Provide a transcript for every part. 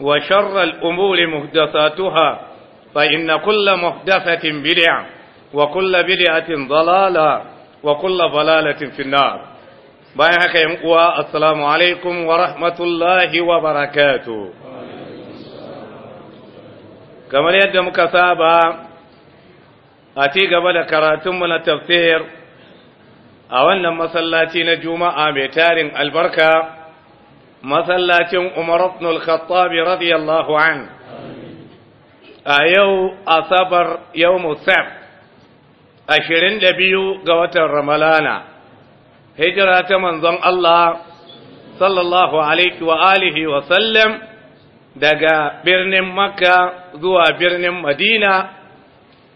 وشر الأمور محدثاتها فإن كل محدثة بدعة وكل بدعة ضلالة وكل ضلالة في النار bayan haka yi uwa assalamu alaikum wa rahmatullahi wa barakatu kamar yadda muka saba a ci gaba da karatunmu na tafsir a wannan masallaci na juma'a mai tarin albarka masallacin umar ibn al-khattab radiyallahu an a yau asabar yau musab 22 ga watan ramalana hijira ta manzon Allah sallallahu alaihi wa alihi wa sallam daga birnin makka zuwa birnin madina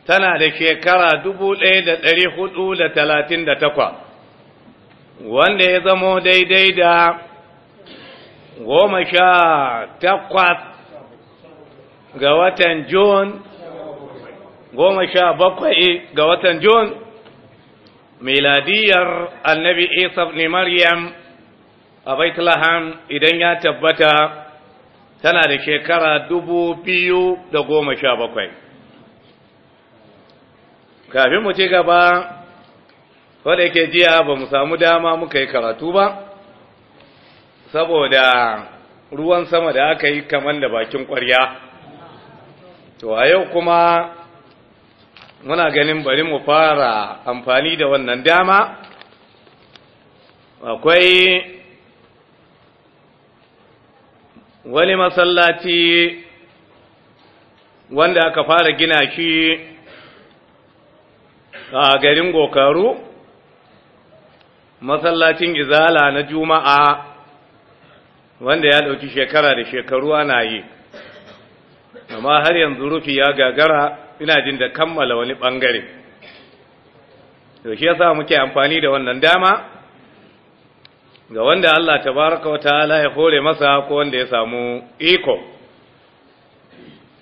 tana da shekara 1438 wanda ya zamo daidai da goma sha takwas ga watan Jun, goma sha bakwai ga watan Jun, miladiyar annabi Isa ne Maryam a Baitlaham idan ya tabbata tana da shekara dubu biyu da goma sha bakwai. Kafin mu ci gaba, wadda ke jiya ba mu samu dama muka yi karatu ba, saboda ruwan sama da aka yi kamar da bakin ƙwarya to a yau kuma muna ganin bari mu fara amfani da wannan dama akwai wani masallaci wanda aka fara gina shi a garin gokaru masallacin izala na juma'a wanda ya ɗauki shekara da shekaru ana yi amma har yanzu rufi ya gagara ina jin da kammala wani bangare. to shi yasa muke amfani da wannan dama ga wanda Allah tabaraka wata'ala ya hore masa ko wanda ya samu iko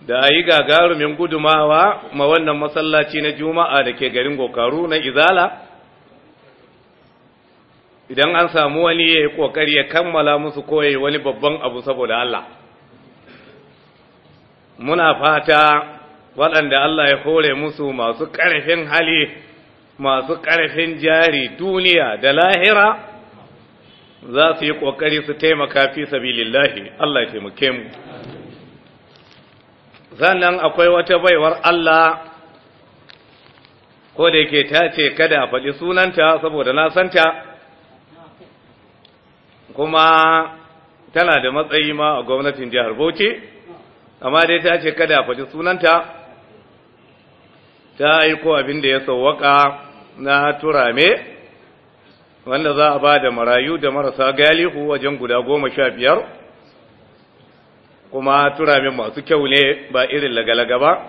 da yi gagarumin gudumawa ma wannan masallaci na juma'a da ke garin gokaru na izala idan an samu wani ya yi ƙoƙari ya kammala musu koyi wani babban abu saboda Allah muna fata waɗanda Allah ya hore musu masu ƙarfin hali masu ƙarfin jari duniya da lahira za su yi ƙoƙari su taimaka fi sabilillahi Allah ya taimake mu sannan akwai wata baiwar Allah ko da yake ta ce kada a faɗi sunanta saboda na santa kuma tana da matsayi ma a gwamnatin jihar Bauchi amma dai ta ce kada faɗi sunanta ta aiko abin da ya sauwaka na turame wanda za a ba da marayu da marasa galihu wajen guda goma sha biyar kuma turame masu kyau ne ba irin lagalaga ba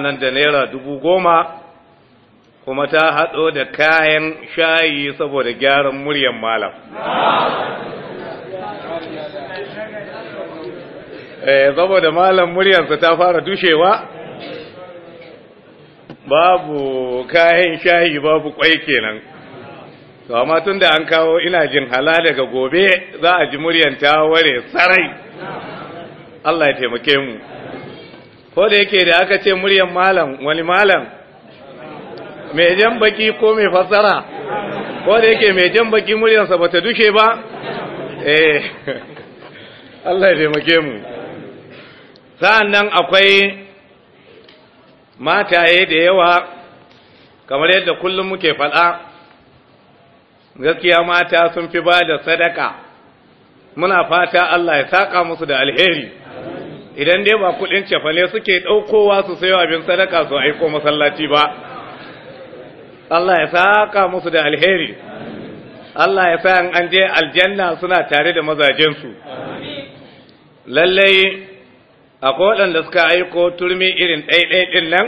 nan da naira dubu goma kuma ta haɗo da kayan shayi saboda gyaran muryan malam eh, saboda malam muryansa ta fara dushewa babu kayan shayi babu kwai kenan to amma tun da an kawo ina jin hala daga gobe za a ji muryan ta ware sarai Allah ya taimake mu ko da yake da aka ce muryan malam wani malam mai jan baki ko mai fassara ko da yake mai jan baki muryarsa ba ta dushe ba eh Allah ya taimake mu sa'annan akwai mataye da yawa kamar yadda kullum muke faɗa gaskiya mata sun fi ba da sadaka muna fata Allah ya saka musu da alheri idan dai ba kuɗin cefane suke ɗaukowa su sayo abin sadaka su aiko masallaci ba Allah ya saka musu da alheri Allah ya sa an je aljanna suna tare da mazajensu lallai akwai waɗanda suka aiko turmi irin ɗaiɗai nan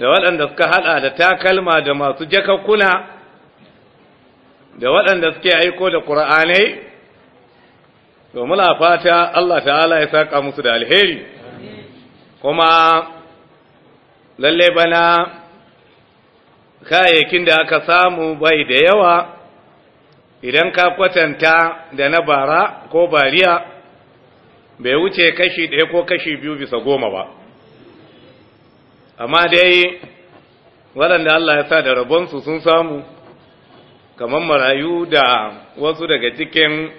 da waɗanda suka haɗa da takalma da masu jakakkuna da waɗanda suke aiko da ƙura'anai to muna fata Allah ta'ala ya saka musu da alheri kuma lallai bana kayayyakin da aka samu bai da yawa idan ka kwatanta da na bara ko bariya bai wuce kashi ɗaya ko kashi biyu bisa goma ba amma dai waɗanda Allah ya sa da rabonsu sun samu kamar marayu da wasu daga cikin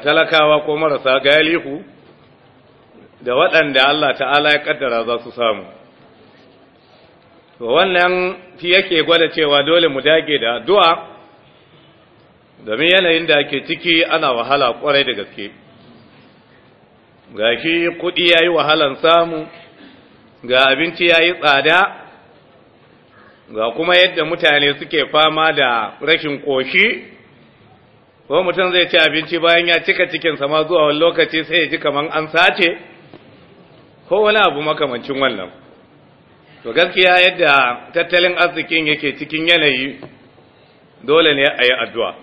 talakawa ko marasa galihu da waɗanda Allah ta'ala ya ƙaddara za su samu to wannan fi yake gwada cewa dole mu dage da addu'a domin yanayin da ke ciki ana wahala kwarai da gaske ga shi kuɗi ya yi wahalan samu ga abinci ya yi tsada ga kuma yadda mutane suke fama da rashin koshi ko mutum zai ci abinci bayan ya cika cikin sama zuwa wani lokaci sai ya ji kamar an sace ko wani abu makamancin wannan to gaskiya yadda tattalin arzikin yake cikin yanayi dole ne a yi addu'a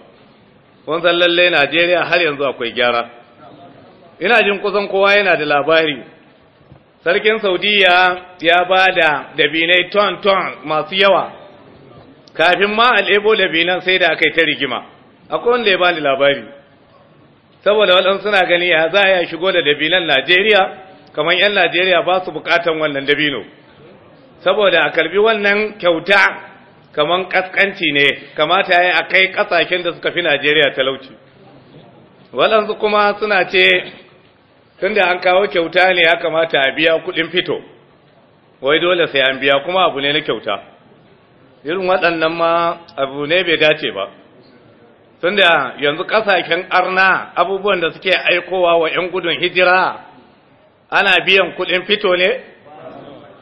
kun san lalle najeriya har yanzu akwai gyara ina jin kusan kowa yana da labari sarkin saudiya ya ba da dabinai ton-ton masu yawa kafin ma al'ebo dabinan sai da aka yi ta rigima akwai wanda ya ba da labari saboda waɗansu suna gani ya za a shigo da dabinan najeriya kamar 'yan najeriya ba su bukatan wannan dabino saboda a karbi wannan kyauta kaman kaskanci ne kamata yayi a kai kasashen da suka fi Najeriya talauci waɗansu kuma suna ce tunda an kawo kyauta ne ya kamata a biya kuɗin fito wai dole sai an biya kuma abu ne na kyauta irin waɗannan ma abu ne bai dace ba tunda yanzu ƙasashen arna abubuwan da suke aikowa wa 'yan gudun hijira ana biyan kuɗin fito ne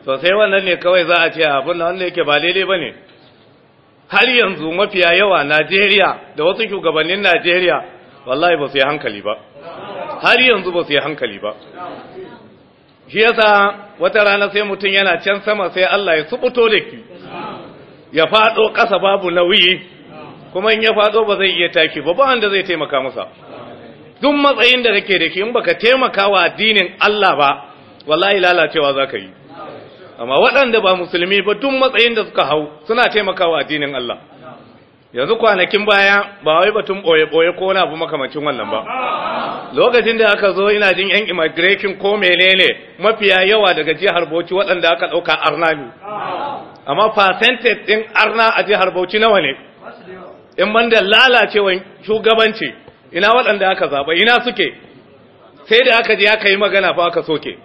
to sai wannan ne kawai za a ce ah, abin da wanda yake ba daidai ba ne har yanzu mafiya yawa najeriya da wasu shugabannin najeriya wallahi ba su yi hankali ba har yanzu ba su yi hankali ba shi yasa wata rana sai mutum yana can sama sai allah ya subuto da ki ya faɗo ƙasa babu nauyi kuma in ya faɗo ba zai iya taki ba ba wanda zai taimaka masa duk matsayin da kake da ki in baka taimaka wa addinin allah ba wallahi lalacewa za ka yi amma waɗanda ba musulmi ba tun matsayin da suka hau suna taimakawa addinin Allah yanzu kwanakin baya ba wai batun ɓoye-ɓoye ko na abu makamacin wannan ba lokacin da aka zo ina jin yan immigration ko menene mafiya yawa daga jihar Bauchi waɗanda aka ɗauka arna ne amma percentage ɗin arna a jihar Bauchi nawa ne in ban da lalacewan shugabanci ina waɗanda aka zaɓa ina suke sai da aka je aka yi magana fa aka soke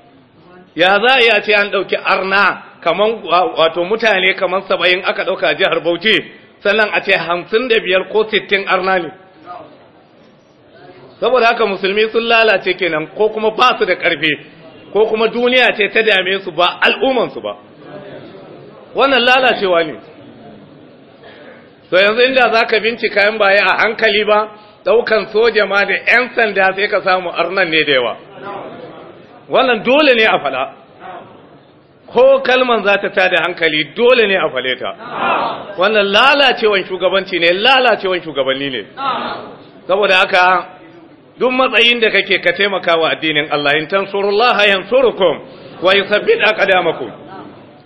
ya za a yi ce an ɗauki arna kaman wato mutane kaman saba'in aka ɗauka jihar bauchi sannan a ce hamsin da biyar ko sittin arna ne saboda haka musulmi sun lalace kenan ko kuma ba su da ƙarfi ko kuma duniya ce ta dame su ba al'ummansu ba wannan lalacewa ne so yanzu inda za ka bincika yan baya a hankali ba ɗaukan soja ma da 'yan sanda sai ka samu arnan ne da yawa wannan dole ne a fada ko kalman za ta tada hankali dole ne a fale ta wannan lalacewan shugabanci ne lalacewan shugabanni ne saboda haka duk matsayin da kake ka taimaka wa addinin Allah in tansurullaha yansurukum wa yuthabbit aqdamakum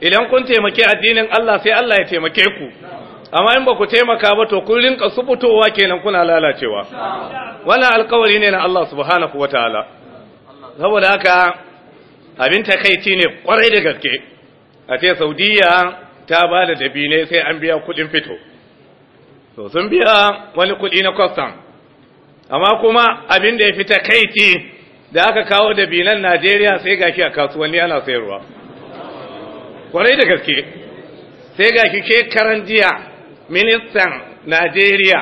idan kun taimake addinin Allah sai Allah ya taimake ku amma in ba ku taimaka ba to kun rinka subutowa kenan kuna lalacewa wannan alkawari ne na Allah subhanahu wataala saboda haka abin takaici ne kwarai da gaske a ce saudiya ta ba da dabinai sai an biya kudin fito to sun biya wani kudi na kwastam amma kuma abin da ya fi takaici da aka kawo dabinan najeriya sai gashi a kasuwanni ana sayarwa kwarai da gaske sai gashi ke karan jiya ministan najeriya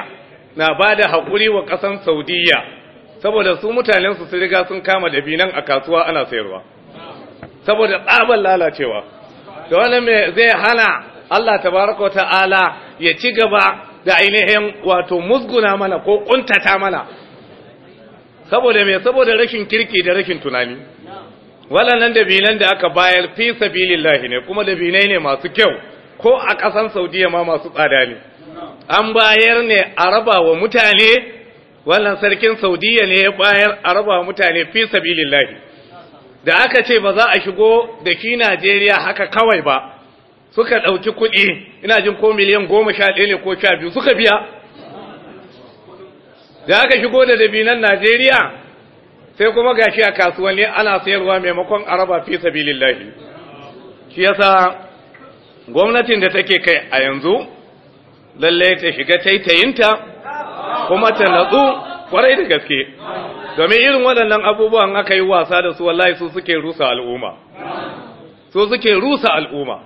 na ba da haƙuri wa ƙasan saudiya saboda su mutanensu su riga sun kama da binan a kasuwa ana sayarwa saboda tsaban lalacewa da wani mai zai hana Allah tabaraka wa ta'ala ya ci gaba da ainihin wato musguna mana ko kuntata mana saboda mai saboda rashin kirki da rashin tunani waɗannan dabinan da aka bayar fi sabilillahi ne kuma da dabinai ne masu kyau ko a kasan saudiya ma masu tsada ne an bayar ne a raba wa mutane wannan sarkin saudiya ne ya bayar a raba mutane fi sabilillahi da aka ce ba za a shigo da fi najeriya haka kawai ba suka ɗauki kuɗi ina jin ko miliyan goma sha ɗaya ne ko sha biyu suka biya da aka shigo da dabinan najeriya sai kuma gashi a kasuwanni ana sayarwa maimakon a raba. fi sabilillahi shi yasa gwamnatin da take kai a yanzu lallai ta shiga taitayinta kuma ta natsu kwarai da gaske domin irin waɗannan abubuwan aka yi wasa da su wallahi su suke rusa al'umma su suke rusa al'umma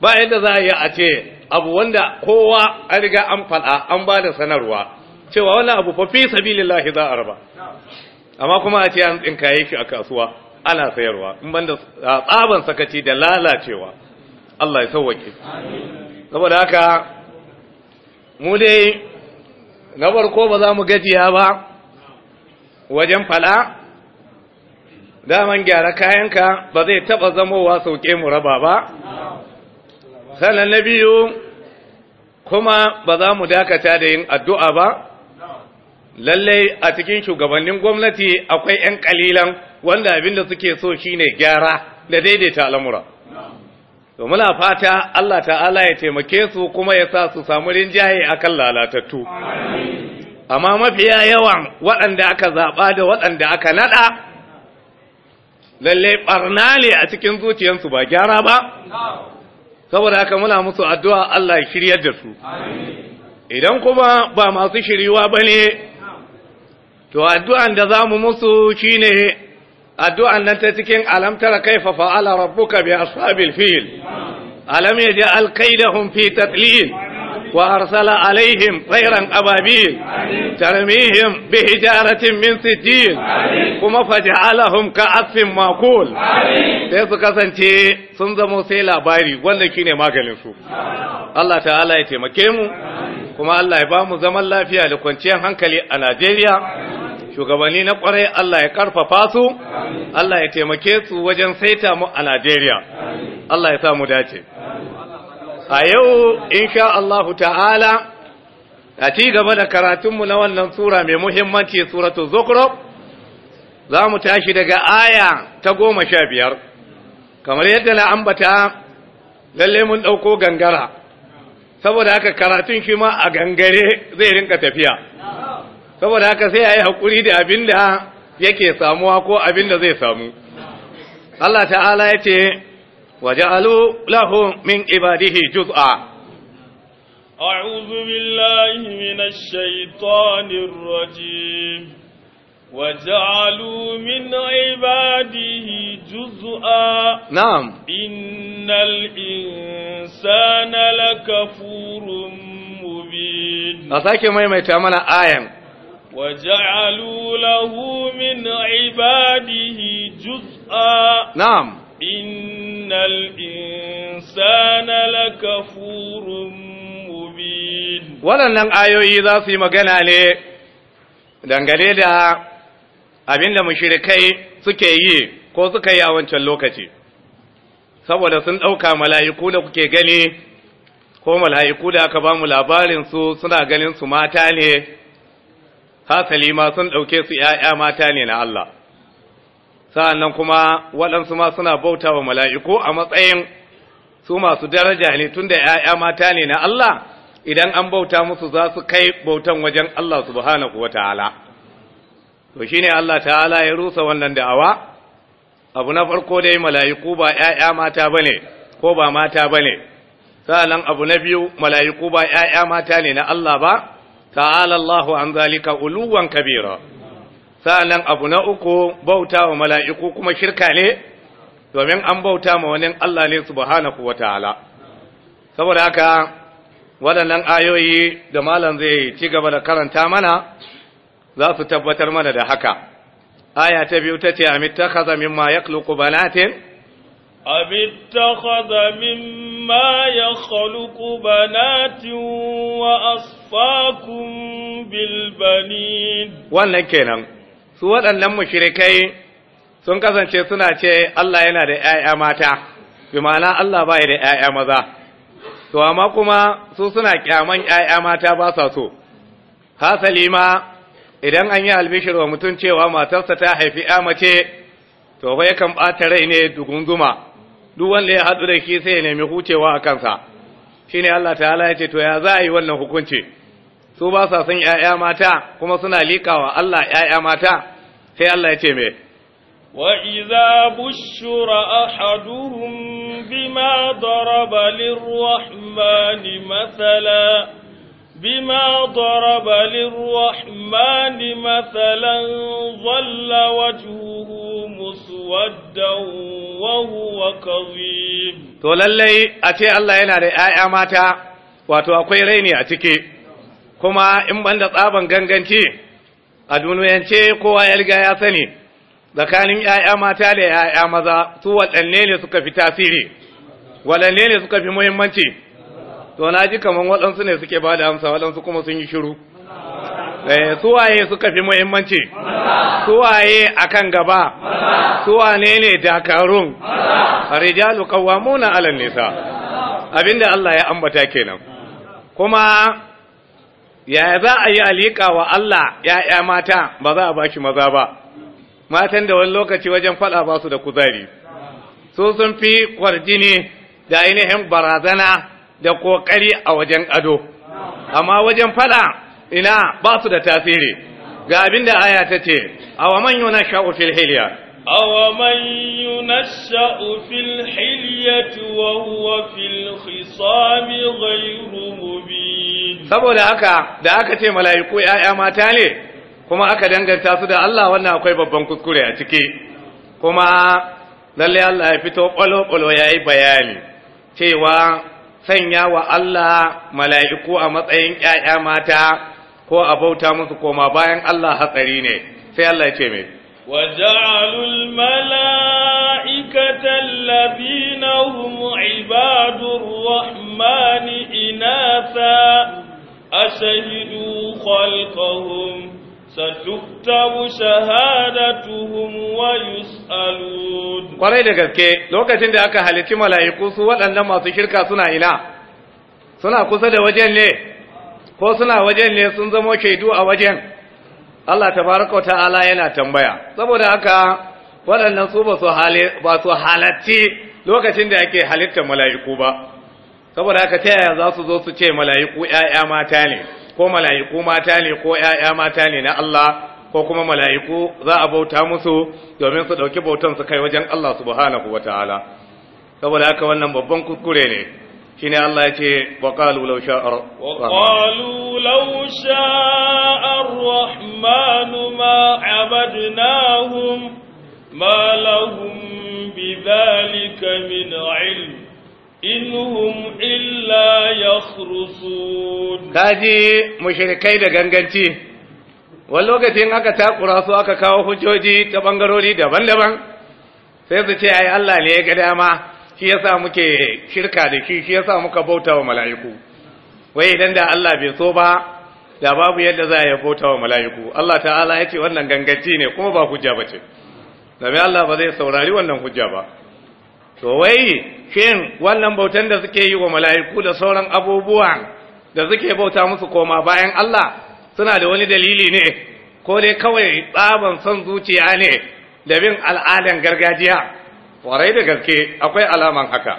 ba yadda za a yi a ce abu wanda kowa an riga an faɗa an ba da sanarwa cewa wannan abu fa fi sabilillahi za a raba amma kuma a ce an tsinkaye shi a kasuwa ana sayarwa in banda tsaban sakaci da lalacewa Allah ya sauwake saboda haka mu dai na farko ba za mu gajiya ba wajen fada daman gyara kayanka ba zai taba zamowa sauke mu raba ba sannan na biyu kuma ba za mu dakata da yin addu'a ba lallai a cikin shugabannin gwamnati akwai ‘yan kalilan wanda abin da suke so shine gyara da daidaita al'amura. to muna fata Allah ta'ala ya taimake su kuma ya sa su samu rinjaye kan lalatattu amma mafiya yawan waɗanda aka zaɓa da waɗanda aka naɗa lalle ɓarna ne a cikin zuciyarsu ba gyara ba saboda haka muna musu addu'a Allah ya shiryar da su idan kuma ba masu shiriwa ba ne to addu'an da za mu musu shine addu'an nan ta cikin alam tara kaifa fa'ala rabbuka bi ashabil fil alam ji kaidahum fi tadlil wa arsala alaihim tsairan ababil tarmihim bi hijaratin min sijil kuma ka ka'atfin makul sai su kasance sun zamo sai labari wanda kine maganin su Allah ta'ala ya taimake mu kuma Allah ya ba mu zaman lafiya da kwanciyar hankali a Najeriya shugabanni na kwarai Allah ya karfafa su Allah ya taimake su wajen saita mu a Najeriya Allah ya sa mu dace a yau insha Allah ta'ala a ci gaba da karatunmu na wannan sura mai muhimmanci suratul zukhruf za mu tashi daga aya ta goma sha biyar kamar yadda na ambata lalle mun ɗauko gangara saboda haka karatun shi ma a gangare zai rinka tafiya saboda haka sai ya yi haƙuri da abin da yake samuwa ko abin da zai samu Allah ta'ala ya ce waje alu min ibadihi juz'a a'udhu billahi minash shaitanir rajim waj'alu min ibadihi juz'a na'am innal insana lakafurun mubin a sake maimaita mana ayan وجعلوا له من عباده جزءا نعم إن الإنسان لكفور Wadannan ayoyi za su yi magana ne dangane da abin da mushirikai suke yi ko suka yi a wancan lokaci saboda sun ɗauka mala'iku da kuke gani ko mala'iku da aka ba mu labarinsu suna ganin su mata ne hasali ma sun ɗauke su ‘ya'ya mata ne na Allah, sa'an kuma waɗansu ma suna bauta wa mala'iku a matsayin su masu daraja ne tun da ‘ya'ya mata ne na Allah, idan an bauta musu za su kai bautan wajen Allah subhanahu wa ta'ala. To shine Allah ta'ala ya rusa wannan da'awa, abu na farko dai mala'iku ba ‘ya'ya mata ba ne, ko ba mata ba ne, sa'an abu na biyu mala'iku ba ‘ya'ya mata ne na Allah ba, ta'ala anzali an zalika uluwan kabira sa'annan abu na uku bauta wa mala'iku kuma shirka ne domin an bauta ma wani Allah ne subhanahu wa ta'ala saboda haka waɗannan ayoyi da malam zai ci gaba da karanta mana za su tabbatar mana da haka aya ta biyu ta ce amittakhadha mimma yakhluqu banatin أم اتخذ مما يخلق بنات وأصفاكم بالبنين wannan kenan su waɗannan mushrikai sun kasance suna ce Allah yana da ‘ya'ya mata bi ma'ana Allah ba da ‘ya'ya maza to amma kuma su suna kyaman ‘ya'ya mata ba sa so hasali ma idan an yi albishir wa mutum cewa matarsa ta haifi ‘ya mace to ya kan ɓata rai ne zuma. duk wanda ya hadu da shi sai ya nemi hucewa a kansa Shi ne Allah ta'ala ya ce to ya za a yi wannan hukunci su ba sa son yaya mata kuma suna wa Allah yaya mata sai Allah ya ce me وإذا بشر أحدهم بما ضرب للرحمن مثلا بما ضرب للرحمن مثلا ظل وجهه مسودا وهو كظيم to lallai a ce Allah yana da ƴaƴa mata wato akwai raini a ciki kuma in banda tsaban ganganci a duniyance kowa ya riga ya sani tsakanin ƴaƴa mata da ƴaƴa maza su waɗanne ne suka fi tasiri waɗanne ne suka fi muhimmanci to na ji kaman waɗansu ne suke ba da amsa waɗansu kuma sun yi shiru eh, Su waye suka fi muhimmanci suwaye akan gaba Su wane ne dakarun rijalu qawwamuna 'alan nisa abinda Allah ya ambata kenan kuma yaya za a yi alika wa Allah ya'ya mata ba za a baki maza ba matan da wani lokaci wajen faɗa ba su da kuzari su sun fi kwarjini da ainihin barazana da kokari a wajen ado amma wajen fada ina ba su da tasiri ga abin da aya ta ce awa man yuna fil hilya awa man yuna fil hilyati wa huwa fil mubin saboda haka da aka ce mala'iku ya'ya mata ne kuma aka danganta su da Allah wannan akwai babban kuskure a ciki kuma lalle Allah ya fito kwalo-kwalo ya yi bayani cewa sanya wa Allah mala'iku a matsayin ‘ya'ya mata ko a bauta musu koma bayan Allah hatsari ne, sai Allah ce mai. وجعلوا الملائكة الذين هم ina sa a shahidu خلقهم ستكتب شهادتهم ويسألون kwarai da gaske lokacin da aka halitti mala'iku su waɗannan masu shirka suna ina suna kusa da wajen ne ko suna wajen ne sun zamo shaidu a wajen Allah tabaraka wa ta'ala yana tambaya saboda haka waɗannan su ba su halatti lokacin da ake halitta mala'iku ba saboda haka ta yaya za su zo su ce mala'iku ‘ya'ya mata ne’ ko mala'iku mata ne ko ‘ya'ya mata ne na Allah ko kuma mala'iku za a bauta musu domin su ɗauki bautan su kai wajen Allah subhanahu wa Wata'ala. saboda haka wannan babban kuskure ne shi ne Allah ya ce wa ƙalu lausha'ar rahmanu ma abadnahum ma in hum illa yakhrusun kaji mushrikai da ganganci wani lokacin aka takura su aka kawo hujjoji ta ɓangarori daban-daban sai su ce ai Allah ne ya ga dama shi yasa muke shirka da shi shi yasa muka bauta wa mala'iku wai idan da Allah bai so ba da babu yadda za a yi bauta wa mala'iku Allah ta'ala ya ce wannan ganganci ne kuma ba hujja ba ce Allah ba zai saurari wannan hujja ba to wai shin wannan bautan da suke yi wa mala'iku da sauran abubuwan da suke bauta musu koma bayan Allah suna da wani dalili ne ko dai kawai tsaban son zuciya ne da bin al'adan gargajiya warai da gaske akwai alaman haka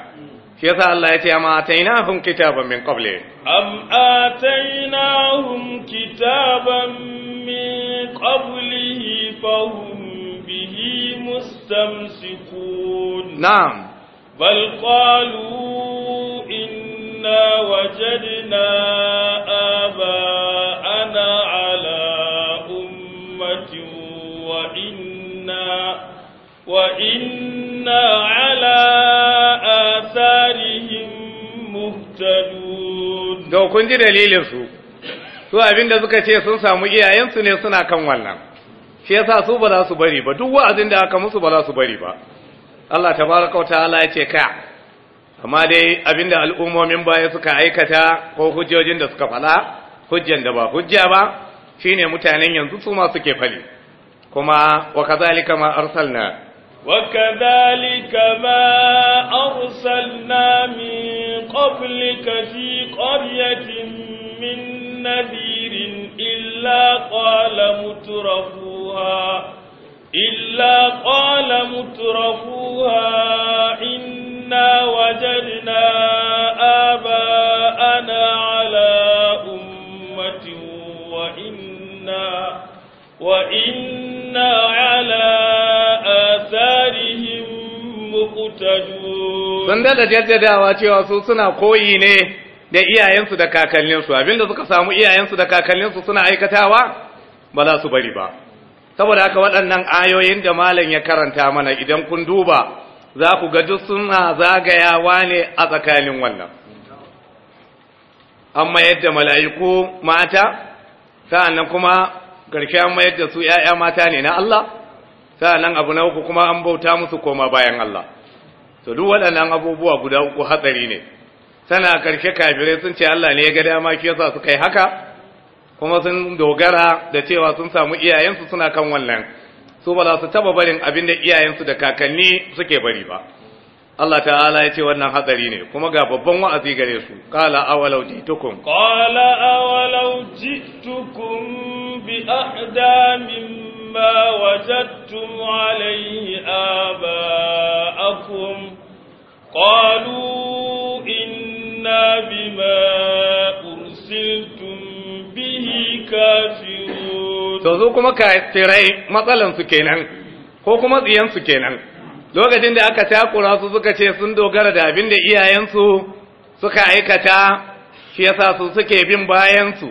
shi yasa Allah ya ce amma atainahum kitaban min qabli am atainahum kitaban min fa hum bihi mustamsikun na'am بل قالوا إنا وجدنا آباءنا على أمة وإنا وإنا على آثارهم مهتدون دو كنت دليل to su da suka ce sun samu iyayensu ne suna kan wannan shi yasa su ba za su bari ba duk wa'azin da aka musu ba za su bari ba Allah tabaraka wa ta'ala ya ce ka amma dai abinda al'ummomin baya suka aikata ko hujjojin da suka fala hujjan da ba hujja ba shine mutanen yanzu su ma suke fali kuma wa kadhalika ma arsalna وكذلك ما أرسلنا من قبلك في قرية من نذير إلا قال مترفوها إلا قال مترفوها إنا وجدنا آباءنا على أمة وإنا وإنا على آثارهم مقتدون sun daɗa jaddadawa cewa su suna koyi ne da iyayensu da kakanninsu abinda suka samu iyayensu da kakanninsu suna aikatawa ba za su bari ba saboda haka waɗannan ayoyin da malam ya karanta mana idan kun duba za ku ga duk suna zagayawa ne a tsakanin wannan An mayar da mala'iku mata sa'annan kuma an mayar da su ‘ya'ya mata ne na Allah sa'annan abu na uku kuma an bauta musu koma bayan Allah to duk waɗannan abubuwa guda uku hatsari ne sana ƙarshe kafirai sun ce Allah ne ya ga dama ke yasa suka yi haka kuma sun dogara da cewa sun samu iyayensu suna kan wannan su ba za su taba barin abin da iyayensu da kakanni suke bari ba Allah ta'ala ya ce wannan hatsari ne kuma ga babban wa'azi gare su qala awalau jitukum qala awalau jitukum bi ahda mimma wajadtum alayhi aba'akum qalu إنا بما أرسلتم به كافرون تزو كما كاستري مثلا سكينا ko kuma tsiyansu kenan lokacin da aka takura su suka ce sun dogara da abin da iyayensu suka aikata shi yasa su suke bin bayansu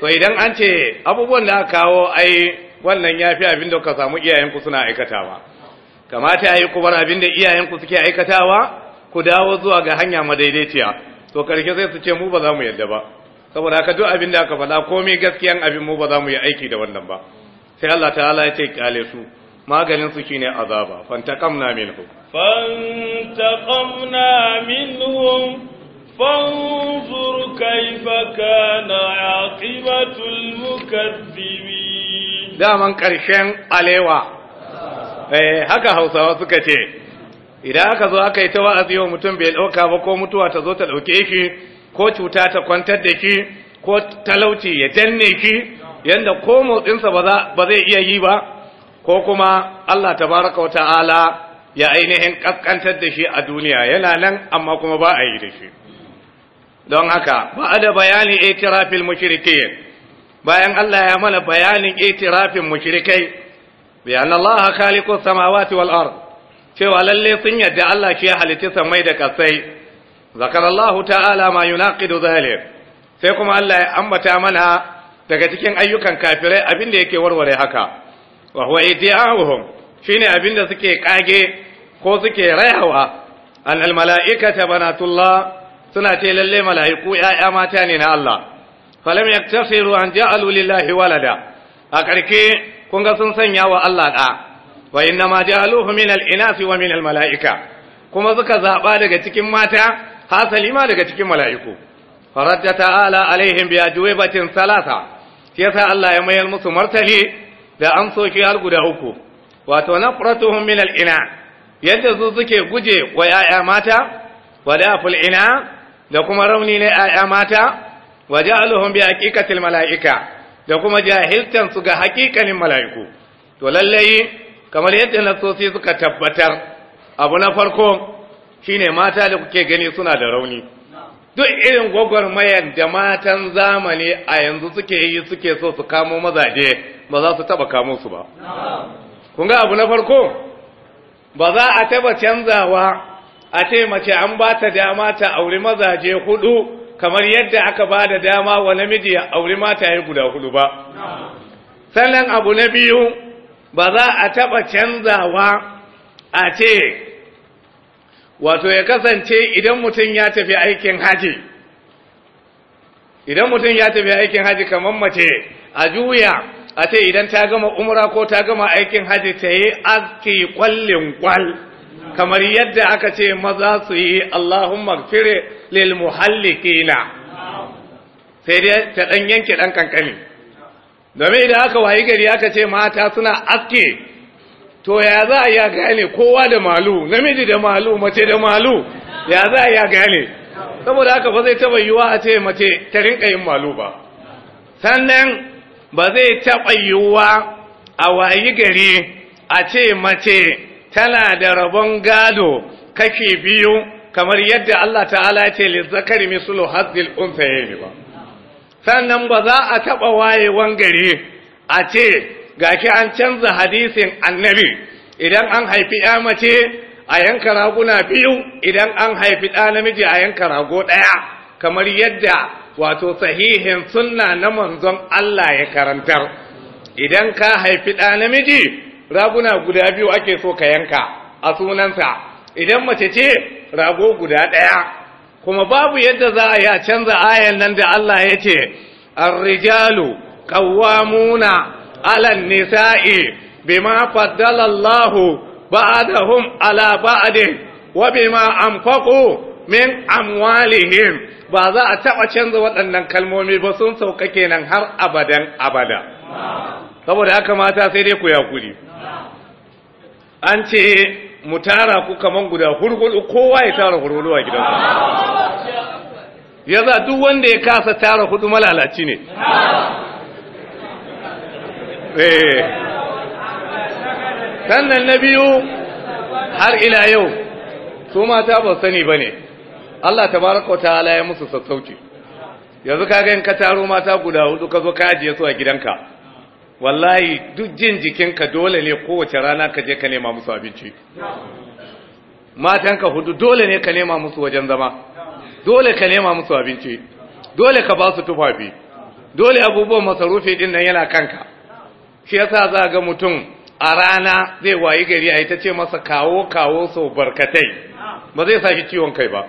to idan an ce abubuwan da aka kawo ai wannan ya fi abin da kuka samu iyayenku suna aikatawa kamata ya yi kubar abin da iyayenku suke aikatawa ku dawo zuwa ga hanya madaidaiciya to karshe sai su ce mu ba za mu yadda ba saboda haka duk abin da aka faɗa komai gaskiyan abin mu ba za mu yi aiki da wannan ba sai Allah ta'ala ya ce kyale su maganin su shine azaba fantaqamna minhum fantaqamna minhum fanzur kaifa kana aqibatul mukaththibin daman karshen alewa eh haka Hausawa suka ce idan aka zo aka yi ta wa'azi wa mutum bai ɗauka ba ko mutuwa ta zo ta ɗauke shi, ko cuta ta kwantar da shi, ko talauci ya danne shi, yadda ko motsinsa ba zai iya yi ba ko kuma Allah Ta tabaraka wata'ala ya ainihin kaskantar da shi a duniya yana nan amma kuma ba a yi da shi don haka ba a da bayanin itirafin mushrikin bayan Allah ya mana bayanin itirafin mushrikai bayan Allah khaliqus samawati wal ard cewa lalle sun yadda Allah shi ya halitta samai da kasai zakarallahu ta'ala ma yunaqidu zalim sai kuma Allah ya ambata mana daga cikin ayyukan kafirai abinda yake warware haka wa huwa idiahum shine abinda suke kage ko suke rayawa an al mala'ikata banatullah suna ce lalle mala'iku ya'ya mata ne na Allah falam yaktasiru an ja'alu lillahi walada a karke kun ga sun sanya wa Allah da wa inna ma ja'aluhu min al-inasi wa min al-mala'ika kuma suka zaba daga cikin mata hasali ma daga cikin mala'iku faradda ta'ala alaihim bi ajwabatin salasa shi yasa Allah ya mayar musu martali da amsoshi har guda uku wato nafratuhum min al-ina yadda su suke guje wa ‘ya'ya mata, wa daful ina da kuma rauni na ‘ya'ya mata, wa ja'aluhun bi haƙiƙatil mala'ika da kuma su ga haƙiƙanin mala'iku. To lallai kamar yadda na nasosi suka tabbatar abu na farko shine mata da kuke gani suna da rauni duk irin gwagwarmayar da matan zamani a yanzu suke yi suke so su kamo mazaje ba za su taba kamo su ba kun ga abu na farko ba za a taba canzawa a ce an ba ta dama ta auri mazaje hudu kamar yadda aka ba da dama wa namiji ya auri mata ya guda hudu ba sannan abu na biyu ba za a taɓa canzawa a ce wato ya kasance idan mutum ya tafi aikin haji idan mutum ya tafi aikin haji kamar mace a juya a ce idan ta gama umra ko ta gama aikin haji ta yi aski kwallin kwal kamar yadda aka ce maza su yi Allahumma fire lil muhallikina sai dai ta ɗan yanke ɗan kankani game da aka wayi gari aka ce mata suna aske to ya za a ya gane kowa da malu namiji da malu mace da malu ya za a ya gane saboda haka ba zai taba yiwuwa a ce mace ta rinka yin malu ba sannan ba zai taba yiwuwa a wayi gari a ce mace tana da rabon gado kake biyu kamar yadda Allah ta'ala ce lizakari mislu hazzil unsayaini ba sannan ba za a taɓa wayewan gari a ce gashi an canza hadisin annabi idan an haifi ya mace a yanka raguna biyu idan an haifi ɗa namiji a yanka rago ɗaya kamar yadda wato sahihin sunna na manzon Allah ya karantar idan ka haifi ɗa namiji raguna guda biyu ake so ka yanka a sunansa idan mace ce rago guda ɗaya kuma babu yadda za a yi a canza ayan nan da Allah ya ce ar-rijalu qawwamuna 'ala an-nisa'i bima faddala Allah ba'dahum 'ala ba'din wa bima anfaqu min amwalihim ba za a taɓa canza waɗannan kalmomi ba sun sauka kenan har abadan abada saboda haka mata sai dai ku yakuri an ce mu tara ku kaman guda hurhuru kowa ya tara hurhuru a gidansa yaza duk wanda ya kasa tara hudu malalaci ne eh. sannan na biyu har ila yau su mata ba sani ba ne. Allah tabaraka ta'ala ya musu sassauci yanzu kaga in ka taro mata guda hudu ka zo ka ajiye su a gidanka wallahi duk jin jikinka dole ne kowace rana ka je ka nema musu abinci matanka hudu dole ne ka nema musu wajen zama dole ka nema musu abinci dole ka ba su tufafi dole abubuwan masarufi din nan yana kanka shi yasa za ga mutum a rana zai wayi gari a ita ce masa kawo kawo sau barkatai ba zai saki ciwon kai ba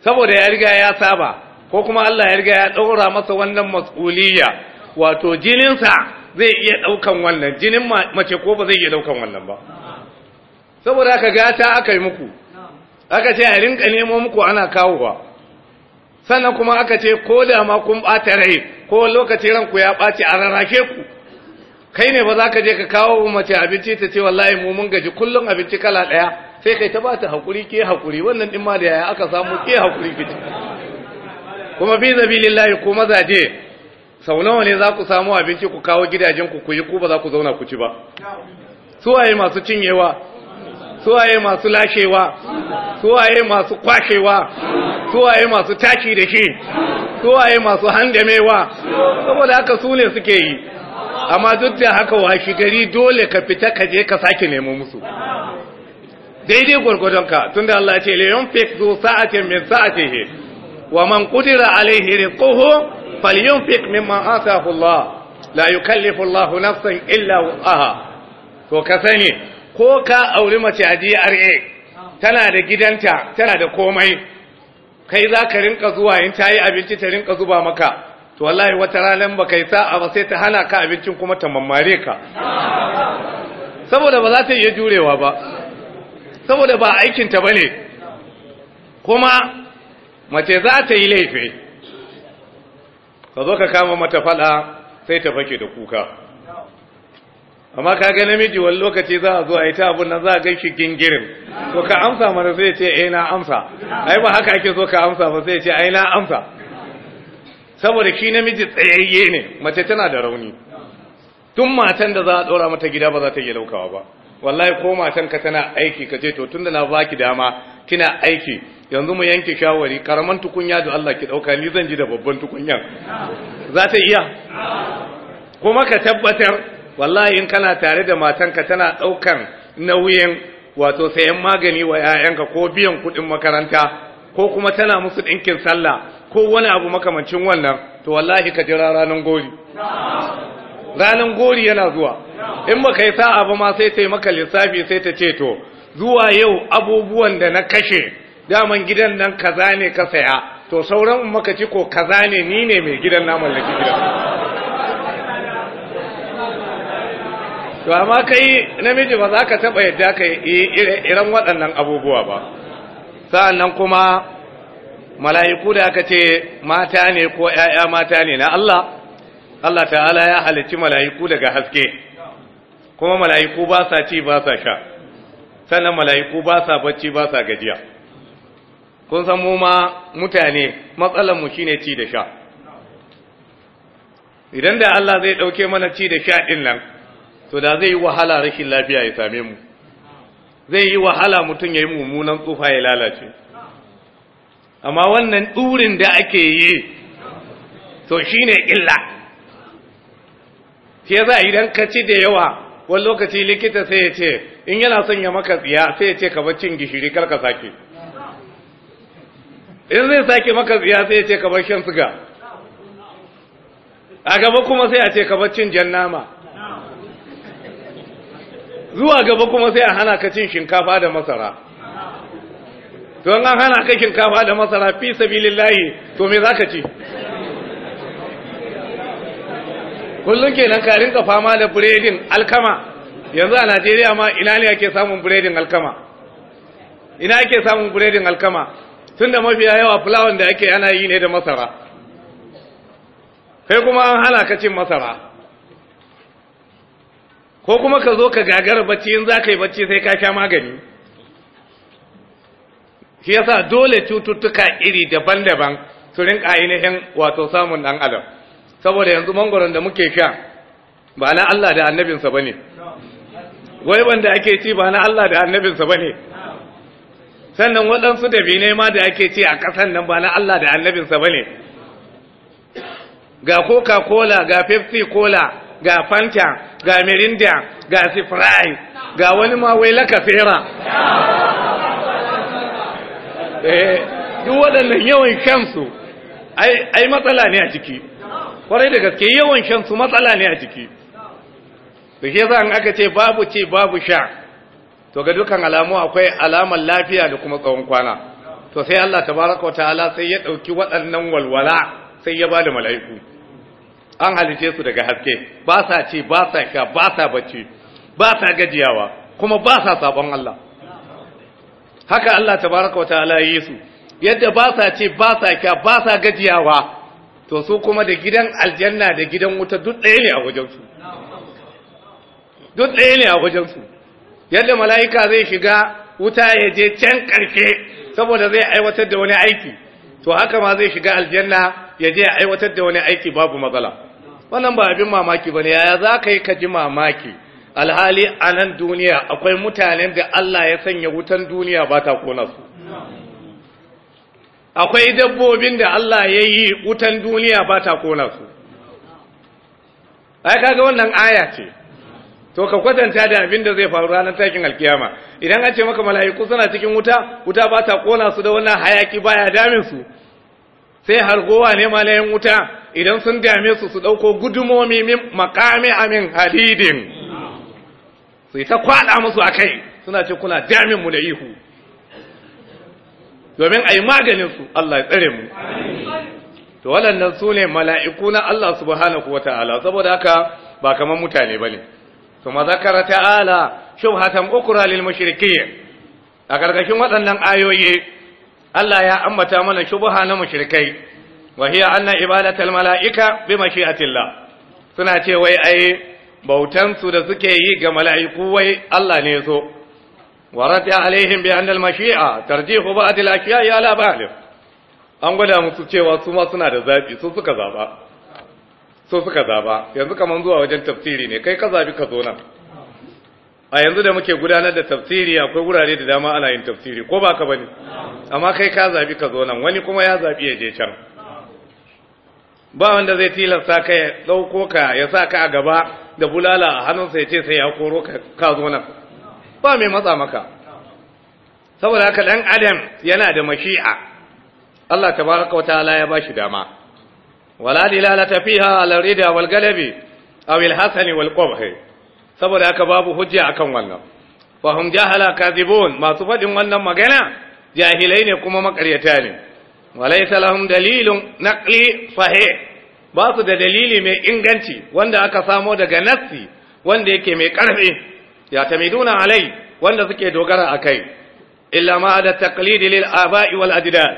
saboda ya riga ya saba ko kuma Allah ya riga ya ɗaura masa wannan mas'uliyya wato jininsa zai iya ɗaukan wannan jinin mace ko ba zai iya ɗaukan wannan ba saboda aka gata aka yi muku aka ce a rinka nemo muku ana kawowa sannan kuma aka ce ko da ma kun bata rai ko lokacin ranku ya ɓaci a rarrake ku kai ne ba za ka je ka kawo mace abinci ta ce wallahi mu mun gaji kullum abinci kala ɗaya sai kai ta ba ta haƙuri ke haƙuri wannan din ma da yaya aka samu ke haƙuri kici kuma bi zabilillahi ko mazaje sau nawa ne za ku samu abinci ku kawo gidajenku ku yi ku ba za ku zauna ku ci ba suwaye masu cinyewa suwaye masu lashewa suwaye masu kwashewa suwaye masu tashi da shi suwaye masu handamewa saboda haka su ne suke yi amma duk da haka washi gari dole ka fita ka je ka sake nemo musu daidai gwargwadonka tunda Allah ce le yunfik zu sa'atin min sa'atihi wa man qudira alaihi rizquhu falyunfiq mimma atahu Allah la yukallifu Allah nafsan illa wus'aha to ka sani ko ka auri mace a D.R.A. tana da gidanta tana da komai kai za ka rinka zuwa in ta yi abinci ta rinka zuba maka to wallahi wata ranar ba kai sa'a ba sai ta hana ka abincin kuma ta mammare ka saboda ba za ta iya jurewa ba saboda ba aikinta ba ne kuma mace za ta yi laifi ka zo ka kama mata fada sai ta fake da kuka amma ka ga namiji wani lokaci za a zo a yi ta abun nan za a gan shi gingirin to ka amsa mana sai ce 'Ai eh, na amsa ai ba haka ake so ka amsa ba sai ce ai na amsa saboda ki namiji tsayayye ne mace tana da rauni tun matan da za a dora mata gida ba za ta yi laukawa ba wallahi ko matan ka tana aiki ka to tunda na baki dama kina aiki yanzu mu yanke shawari karaman tukunya da Allah ki dauka ni zan ji da babban tukunyan za ta iya kuma ka tabbatar wallahi in kana tare da matanka tana daukan nauyin wato sayan magani wa yayanka ko biyan kudin makaranta ko kuma tana musu ɗinkin sallah ko wani abu makamancin wannan to wallahi ka jira ranan gori ranan gori yana zuwa in ba kai sa'a ba ma sai ta yi maka lissafi sai ta ce to zuwa yau abubuwan da na kashe daman gidan nan kaza ne ka saya to sauran maka ci ko kaza ne ni ne mai gidan na mallaki gidan to amma kai namiji ba za ka taba yadda ka irin waɗannan abubuwa ba sa'annan kuma mala'iku da aka ce mata ne ko ‘ya'ya mata ne na Allah Allah ta'ala ya halicci mala'iku daga haske kuma mala'iku ba sa ci ba sa sha sannan mala'iku ba sa bacci ba sa gajiya kun san mu ma mutane matsalar mu shine ci da sha idan da Allah zai dauke mana ci da sha din nan to da zai yi wahala rashin lafiya ya same mu zai yi wahala mutum ya yi mummunan tsufa ya lalace amma wannan durin da ake yi to shine illa ke za idan ka ci da yawa wani lokaci likita sai ya ce in yana son ya maka tsiya sai ya ce ka bar cin gishiri kar ka sake in zai sake maka tsiya sai ya ce kamar shan suga. a gaba kuma sai a ce kamar cin jan nama zuwa gaba kuma sai a hana ka cin shinkafa da masara don an hana ka shinkafa da masara fi sabilillahi to me ka ci kullum kenan ka fama da buredin alkama yanzu a Najeriya ma ina ne ake samun buredin alkama ina ake samun buredin alkama tunda mafiya yawa fulawan da ake ana yi ne da masara kai kuma an hana ka cin masara ko kuma ka zo ka gagara bacci in za ka yi bacci sai ka sha magani shi yasa dole cututtuka iri daban-daban su rinka ainihin wato samun ɗan adam saboda yanzu mangoron da muke sha ba na Allah da annabinsa ba ne wai wanda ake ci ba na Allah da annabinsa ba ne sannan waɗansu da dabinai ma da ake ce a ƙasan nan ba na Allah da annabinsa ba ne ga coca-cola ga pepsi-cola ga fanta ga mirinda ga sifirai ga wani ma wai laka fera eh, duk waɗannan yawan kansu ai matsala ne a ciki kwarai da gaske yawan shansu matsala ne a ciki da ke za'an aka ce babu ce babu sha to ga dukkan alamu akwai alamar lafiya da kuma tsawon kwana to sai Allah tabaraka ta'ala sai ya dauki waɗannan walwala sai ya bada mala'iku an halice su daga haske ba sa ci ba sa sha ba sa bacci ba sa gajiyawa kuma ba sa sabon Allah haka Allah tabaraka ta'ala yi su yadda ba sa ci ba sa sha ba sa gajiyawa to su kuma da gidan aljanna da gidan wuta duk ɗaya ne a wajensu duk ɗaya ne a wajensu yadda mala'ika zai shiga wuta ya je can ƙarfe saboda zai aiwatar da wani aiki to haka ma zai shiga aljanna ya je aiwatar da wani aiki babu matsala wannan ba abin mamaki ba ne yaya za ka yi ka ji mamaki alhali a nan duniya akwai mutanen da Allah ya sanya wutan duniya ba ta kona su akwai dabbobin da Allah ya yi wutan duniya ba ta kona su ai kaga wannan aya ce to ka kwatanta da abin da zai faru ranar takin alkiyama idan an ce maka mala'iku suna cikin wuta wuta ba ta kona su da wannan hayaki baya damin su sai hargowa ne malayan wuta idan sun dame su su dauko gudumomi min maqami amin halidin sai ta kwada musu akai suna ce kuna damin mu da ihu domin ai maganin su Allah ya tsare mu to waɗannan sune mala'iku na Allah subhanahu wataala saboda haka ba kamar mutane bane ثم ذكر تعالى شبهة أخرى للمشركين أكركشم وطنن آيوي ألا يا أمة من شبهة المشركين وهي أن عبادة الملائكة بمشيئة الله سنة وي أي بوتن سدسكي كملائكو وي الله نيسو ورد عليهم بأن المشيئة ترجيح بعض الأشياء على بعض أنقل مسوكي وصوما سنة ذاتي سوكا ذاتي so suka zaba yanzu kaman zuwa wajen tafsiri ne kai ka zabi ka zo nan a yanzu da muke gudanar da tafsiri akwai wurare da dama ana yin tafsiri ko ba ka bane amma kai ka zabi ka zo nan wani kuma ya zabi ya je can ba wanda zai tilasta ka ya dauko ka ya sa ka a gaba da bulala a hannunsa ya ce sai ya koro ka zo nan ba mai matsa maka saboda haka dan adam yana da mashi'a Allah tabaraka ta'ala ya bashi dama wala dilalata fiha ala rida wal galabi aw al hasani wal saboda haka babu hujja akan wannan fa hum jahala kadhibun masu faɗin wannan magana jahilai ne kuma makaryata ne walaysa lahum dalilun naqli sahih ba su da dalili mai inganci wanda aka samo daga nassi wanda yake mai karfi ya tamiduna alai wanda suke dogara a kai. illa ma da taqlid lil aba'i wal ajdad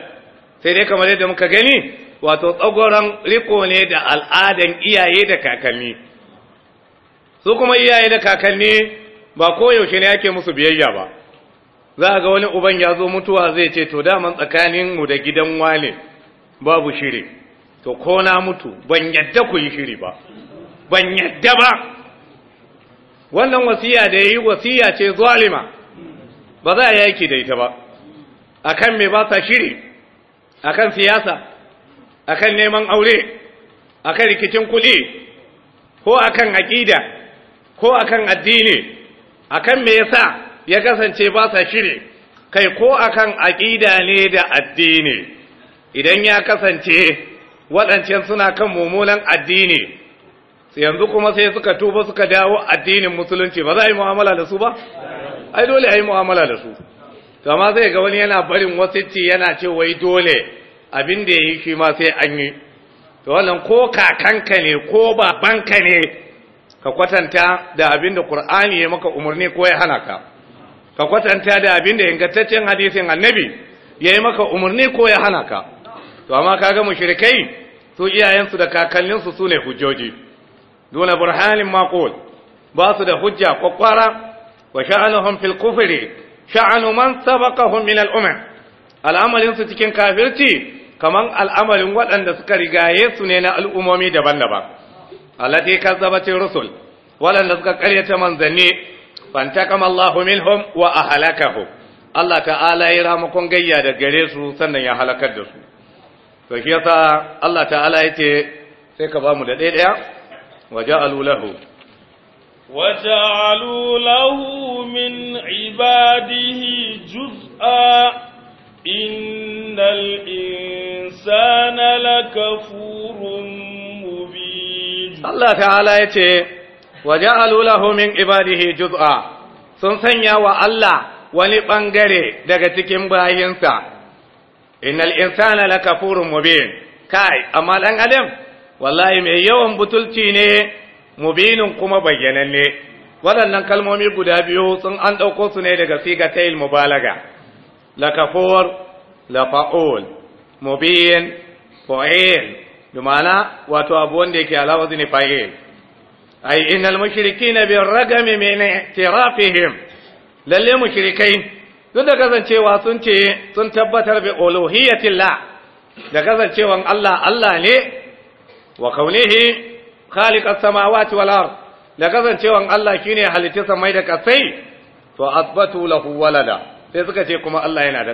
sai dai kamar yadda muka gani wato tsagoron riko ne da al'adan iyaye da kakanni su kuma iyaye da kakanni ba koyaushe ne ake musu biyayya ba za ga wani uban ya zo mutuwa zai ce to daman tsakaninmu da gidan wane babu shiri to ko na mutu ban yadda ku yi shiri ba ban yadda ba wannan wasiya da ya yi wasiya ce zalima ba za a yaki da ita ba akan me ba ta shiri akan siyasa akan neman aure akan rikicin kuɗi ko akan aƙida ko akan addini akan me yasa ya kasance ba sa shiri kai ko akan aƙida ne da addini idan ya kasance waɗancan suna kan mummunan addini yanzu kuma sai suka tuba suka dawo addinin musulunci ba za a yi mu'amala da su ba ai dole a yi mu'amala da su amma zai ga wani yana barin wasicci yana ce wai dole abin da yayi shi ma sai an yi to wannan ko kakanka ne ko babanka ne ka kwatanta da abin da Qur'ani ya maka umarni ko ya hana ka ka kwatanta da abin da ingantaccen hadisin annabi ya yi maka umarni ko ya hana ka to amma kaga mushrikai su iyayensu da kakanninsu su ne hujjoji Dole burhanin maqul ba su da hujja kwakwara wa sha'anuhum fil kufri sha'anu man sabaqahum min al al'amalin su cikin kafirci kaman al'amarin waɗanda suka rigaye su ne na al'ummomi daban-daban allati kazzabati rusul waɗanda suka karyata manzanni kama Allahu minhum wa ahlakahu Allah ta'ala ya ramakon gayya da gare su sannan ya halakar da su to yasa Allah ta'ala yace sai ka ba mu da ɗaya ɗaya waja'alu lahu وجعلوا له من عباده innal insana lakafurun mubin Allah ta'ala yace waja'alu lahu min ibadihi juz'a sun sanya wa Allah wani bangare daga cikin bayinsa innal insana lakafurun mubin kai amma dan adam wallahi mai yawan butulci ne mubinin kuma bayyananne waɗannan kalmomi guda biyu sun an ɗauko su ne daga sigatail mubalaga mubalaga لكفور لفعول مبين فعيل بمعنى وتوابون ديك على وزن فعيل أي إن المشركين بالرقم من اعترافهم للي مشركين duk da kasancewa sun ce sun tabbatar bi uluhiyatillah da kasancewan Allah Allah ne wa kaunihi khaliqas samawati wal ard da kasancewan Allah shine halitta samai da kasai to asbatu lahu walada sai suka ce kuma Allah yana da